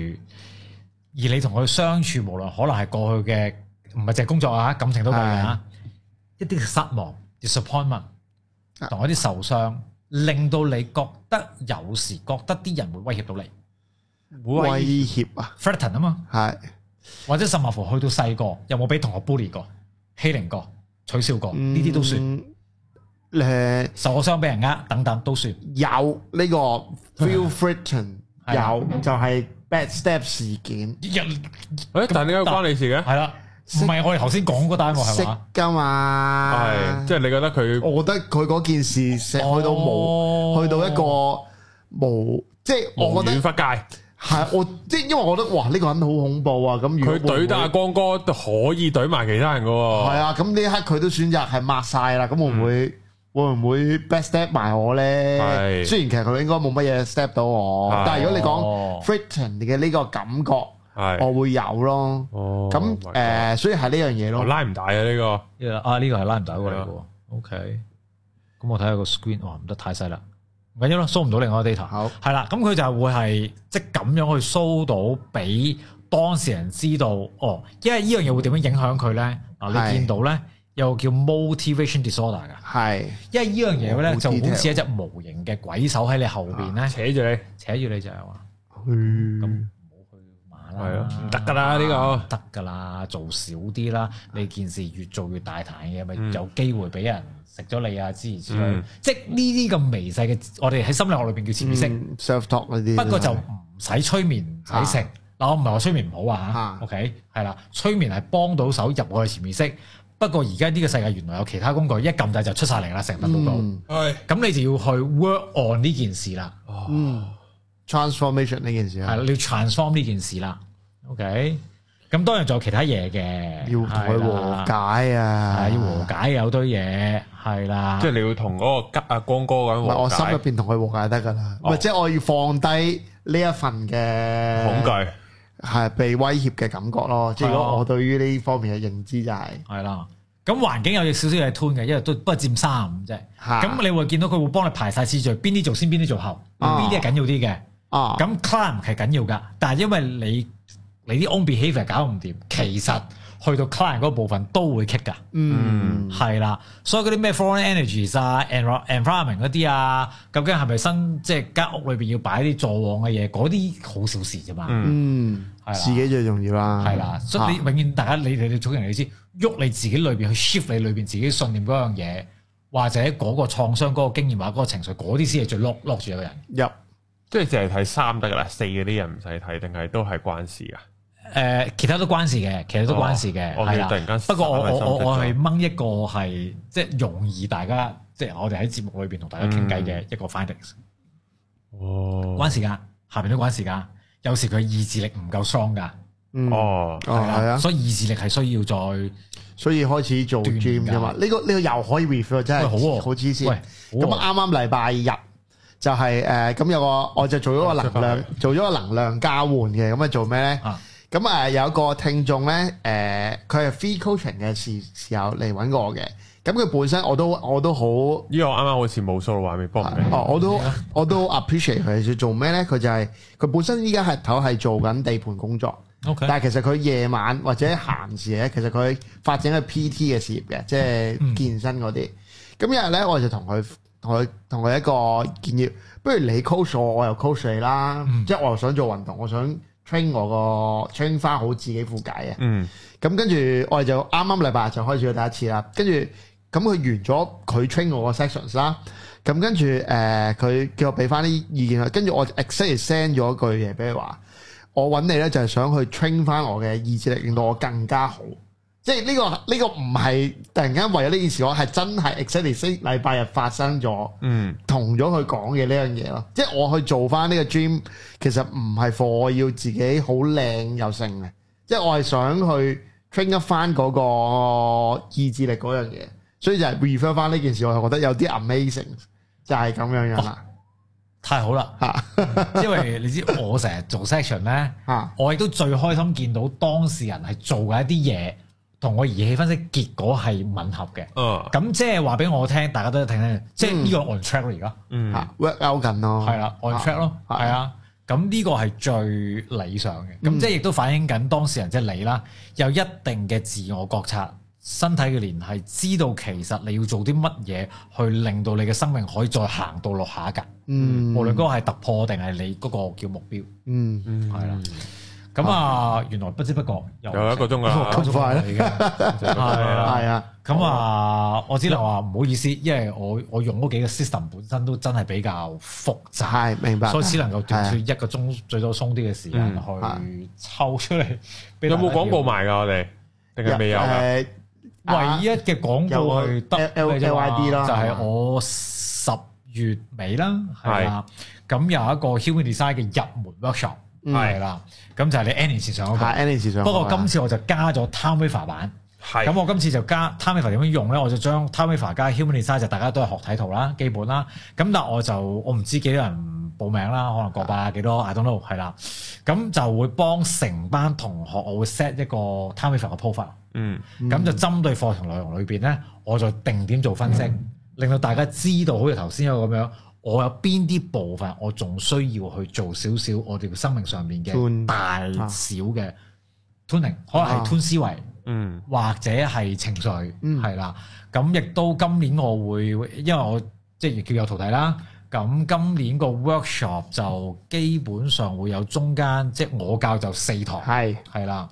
Speaker 2: 而你同佢相處，無論可能係過去嘅，唔係淨係工作啊，感情都嘅吓，一啲嘅失望，disappointment，同一啲受傷，令到你覺得有時覺得啲人會威脅到你。
Speaker 1: 威
Speaker 3: 脅啊，threaten 啊嘛，係
Speaker 2: 或者甚至乎去到細個有冇俾同學 bully 過、欺凌過、取笑過？呢啲都算誒，受過傷俾人呃等等都算有呢個 feel threatened，有就係 bad
Speaker 3: step 事件。
Speaker 2: 誒，
Speaker 1: 但點解關你事嘅？係啦，唔係我哋頭先
Speaker 2: 講嗰單係
Speaker 3: 咪？噶嘛，係即係你覺得佢？我覺得佢嗰件事成去到冇？去到一個無，
Speaker 1: 即係我覺得。
Speaker 3: 係我即
Speaker 1: 係，因為我覺得哇，呢個人好恐怖啊！咁佢懟得阿光哥，可以懟埋其他人噶
Speaker 3: 喎。係啊，咁呢一刻佢都選擇係抹晒啦。咁會唔會會唔會 best step 埋我咧？係。雖然其實佢應該冇乜嘢 step 到我，但係如果你講 threaten 嘅呢個感覺，
Speaker 1: 我
Speaker 3: 會有咯。哦。
Speaker 1: 咁
Speaker 3: 誒，所以係呢樣嘢咯。拉
Speaker 1: 唔大
Speaker 2: 啊！呢個啊呢個係拉唔大過嚟嘅。OK。咁我睇下個 screen，哇唔得太細啦。唔緊要咯，搜唔到另外嘅 data。好，係啦，咁佢就係會係即係咁樣去搜到，俾當事人知道哦。因為呢樣嘢會點樣影響佢咧？啊是，你見到咧，又叫 motivation disorder 㗎。係是，因為呢樣嘢咧就好似一隻無形嘅鬼手喺你後邊咧，啊、扯住你，扯住你就係話去。
Speaker 1: 嗯。
Speaker 2: 係咯，唔得噶啦呢個，得噶啦，做少啲啦。你件事越做越大談嘅，咪有機會俾人食咗你啊，之前之類，即係呢啲咁微細嘅，我哋喺心理學裏邊叫潛意識。self talk 嗰啲。不過就唔使催眠，唔使食。嗱，我唔係話催眠唔好啊，吓。O K，係啦，催眠係幫到手入我嘅潛意識。不過而家呢個世界原來有其他工具，一撳掣就出晒嚟啦，成百多個。係。咁你就要去 work on 呢件事啦。嗯。Transformation 呢件事啊。係你要 transform
Speaker 1: 呢件事啦。
Speaker 2: O K，咁當然仲有其他嘢嘅，要同佢和解啊，要和解有堆嘢，係啦。即係
Speaker 1: 你要同嗰個急啊光哥咁，我心入
Speaker 3: 邊同佢和解得噶啦。或者我要放低呢一份嘅恐懼，係被威脅嘅感覺咯。即係如果我對於呢方面嘅認知就係，係啦。
Speaker 2: 咁環境有少少嘢拖嘅，因為都都係佔三五啫。咁你會見到佢會幫你排晒次序，邊啲做先，邊啲做後，呢啲係緊要啲嘅。哦，咁 claim 係緊要噶，但係因為你。你啲 own behavior 搞唔掂，其實去到 client 嗰部分都會棘㗎。嗯，係啦。所以嗰啲咩 foreign energies 啊，environment 嗰啲啊，究竟係咪新即係間屋裏邊要擺啲助旺嘅嘢？嗰啲好小事啫嘛。嗯，係的自
Speaker 3: 己最重要啦。係啦。所以你、啊、永
Speaker 2: 遠大家你哋你聰明你知喐你自己裏邊去 shift 你裏邊自己信念嗰樣嘢，或者嗰個創傷、嗰個經驗或者嗰個情緒，嗰啲先係最 lock lock 住一個人。
Speaker 1: 入、嗯、即係淨係睇三得㗎啦，四嗰啲人唔使睇，定係都係關事㗎。
Speaker 2: 誒，其他都關事嘅，其實都關事嘅，係啦。突然間，不過我我我我係掹一個係，即係容易大家，即係我哋喺節目裏邊同大家傾偈嘅一個 findings。哦，關時間下邊都關時間，有時佢意志力唔夠 strong 噶。哦，係啊，所以意志力係需要再，所以
Speaker 3: 開始做 gym 噶嘛。呢個呢個又可以 refer，真係好，好知先。咁啱啱禮拜日就係誒，咁有個我就做咗個能量，做咗個能量交換嘅，咁啊做咩咧？咁啊、嗯，有個聽眾咧，誒、呃，佢係 free coaching 嘅時時候嚟揾我嘅。咁
Speaker 1: 佢本身我都我都好。因為我啱啱好似冇收，話未幫你。
Speaker 3: 哦，我都我都，都 appreciate 佢做做咩咧？佢就係、是、佢本身依家係頭係做緊地盤工作。OK，但係其實佢夜晚或者閒時咧，其實佢發展緊 PT 嘅事業嘅，即係健身嗰啲。咁一日咧，我就同佢同佢同佢一個建議，不如你 coach 我，我又 coach 你啦。嗯、即係我又想做運動，我想。train 我個 train 翻好自己副解嘅。嗯，咁跟住我哋就啱啱禮拜就開始咗第一次啦。跟住咁佢完咗佢 train 我個 sections 啦，咁跟住誒佢叫我俾翻啲意見佢。跟住我 exactly send 咗句嘢俾佢話，我揾你咧就係想去 train 翻我嘅意志力，令到我更加好。即係呢、呢個呢、呢個唔係突然間、嗯、為咗呢件，件事，我係真係 exactly 星期禮拜日發生咗，同咗佢講嘅呢樣嘢咯。即係我去做翻呢個 dream，其實唔係 for 我，要自己好靚又成嘅。即係我係想去 train 一翻嗰個意志力嗰樣嘢，所以就係 refer 翻呢件事，我就覺得有啲 amazing，就係咁
Speaker 2: 樣樣啦、哦。太好啦！嚇、啊， 因為你知我成日做 section 咧、啊，我亦都最開心見到當事人係做緊一啲嘢。同我儀器分析結果係吻合嘅，咁、uh. 即係話俾我聽，大家都一聽聽，即係呢個 on track 咯，嚇 work out 緊咯，係啦、uh.，on track 咯，係啊，咁呢個係最理想嘅，咁、uh. 即係亦都反映緊當事人即係你啦，有一定嘅自我覺察，身體嘅聯繫，知道其實你要做啲乜嘢去令到你嘅生命可以再行到落下一格，uh. 無論嗰個係突破定係你嗰個叫目標，嗯，嗯，係啦。咁啊，原來不知不覺又一個鐘啊，咁快啦而家，係啦，係啊。咁啊，我只能話唔好意思，因為我我用嗰幾個 system 本身都真係比較複雜，明白，所以只能夠用少一個鐘，最多鬆啲嘅時間去
Speaker 1: 抽出嚟。有冇廣告埋㗎？我哋定係未有嘅？唯一嘅廣告去得 LJYD 啦，就係我
Speaker 2: 十月尾啦，係啊。咁有一個 Human Design 嘅入門 workshop。係啦，咁、mm. 就係你 Annie 時上嗰，那個，啊年
Speaker 3: 年那個、不過今
Speaker 2: 次我就加咗 TimeWaver 版。係的，咁我今次就加 TimeWaver 點樣用咧？我就將 TimeWaver 加 humanize 就大家都係學睇圖啦，基本啦。咁但係我就我唔知幾多人報名啦，可能個百幾的多 I don't know，係啦，咁就會幫成班同學，我會 set 一個 TimeWaver 嘅 profile。嗯，
Speaker 3: 咁、mm. 就
Speaker 2: 針對課程內容裏邊咧，我就定點做分析，mm. 令到大家知道，好似頭先個咁樣。我有邊啲部分我仲需要去做少少我哋嘅生命上面嘅大小嘅 tuning，可能係 tune 思維，嗯，或者係情緒，嗯，係啦。咁亦都今年我會，因為我即係叫有徒弟啦。咁今年個 workshop 就基本上會有中間，即係我教就四堂，係係啦。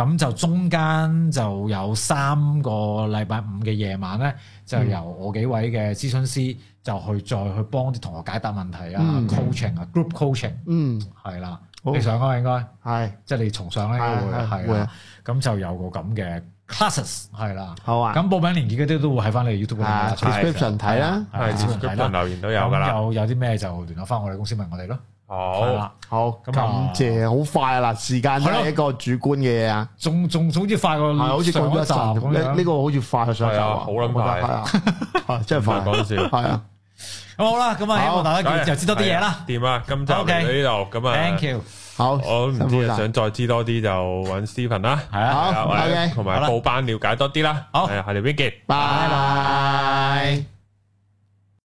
Speaker 2: 咁就中間就有三個禮拜五嘅夜晚咧，就由我幾位嘅諮詢師就去再去幫啲同學解答問題啊，coaching 啊，group coaching，嗯，係啦，你上啊應該，係，即係你重上咧會，係啦，咁就有個咁嘅 classes，係啦，好啊，咁報名連結嗰啲都會喺翻你 YouTube 嘅 description 睇啦，係留言都有㗎啦，有有啲咩就聯絡翻我哋公司問我哋咯。好，好，感謝，好
Speaker 3: 快啊！嗱，時間係一個主觀嘅嘢啊，仲仲總之快過，係好似過咗一站咁樣，呢個好似快上站，好捻快，真係快，講笑，係啊，
Speaker 1: 咁好啦，咁啊希望大家又知多啲嘢啦，點啊？今集嚟到呢度，咁啊，Thank you，好，我唔知想再知多啲就揾 Stephen 啦，係啊，同埋報班了解多啲啦，好，下邊見，
Speaker 3: 拜。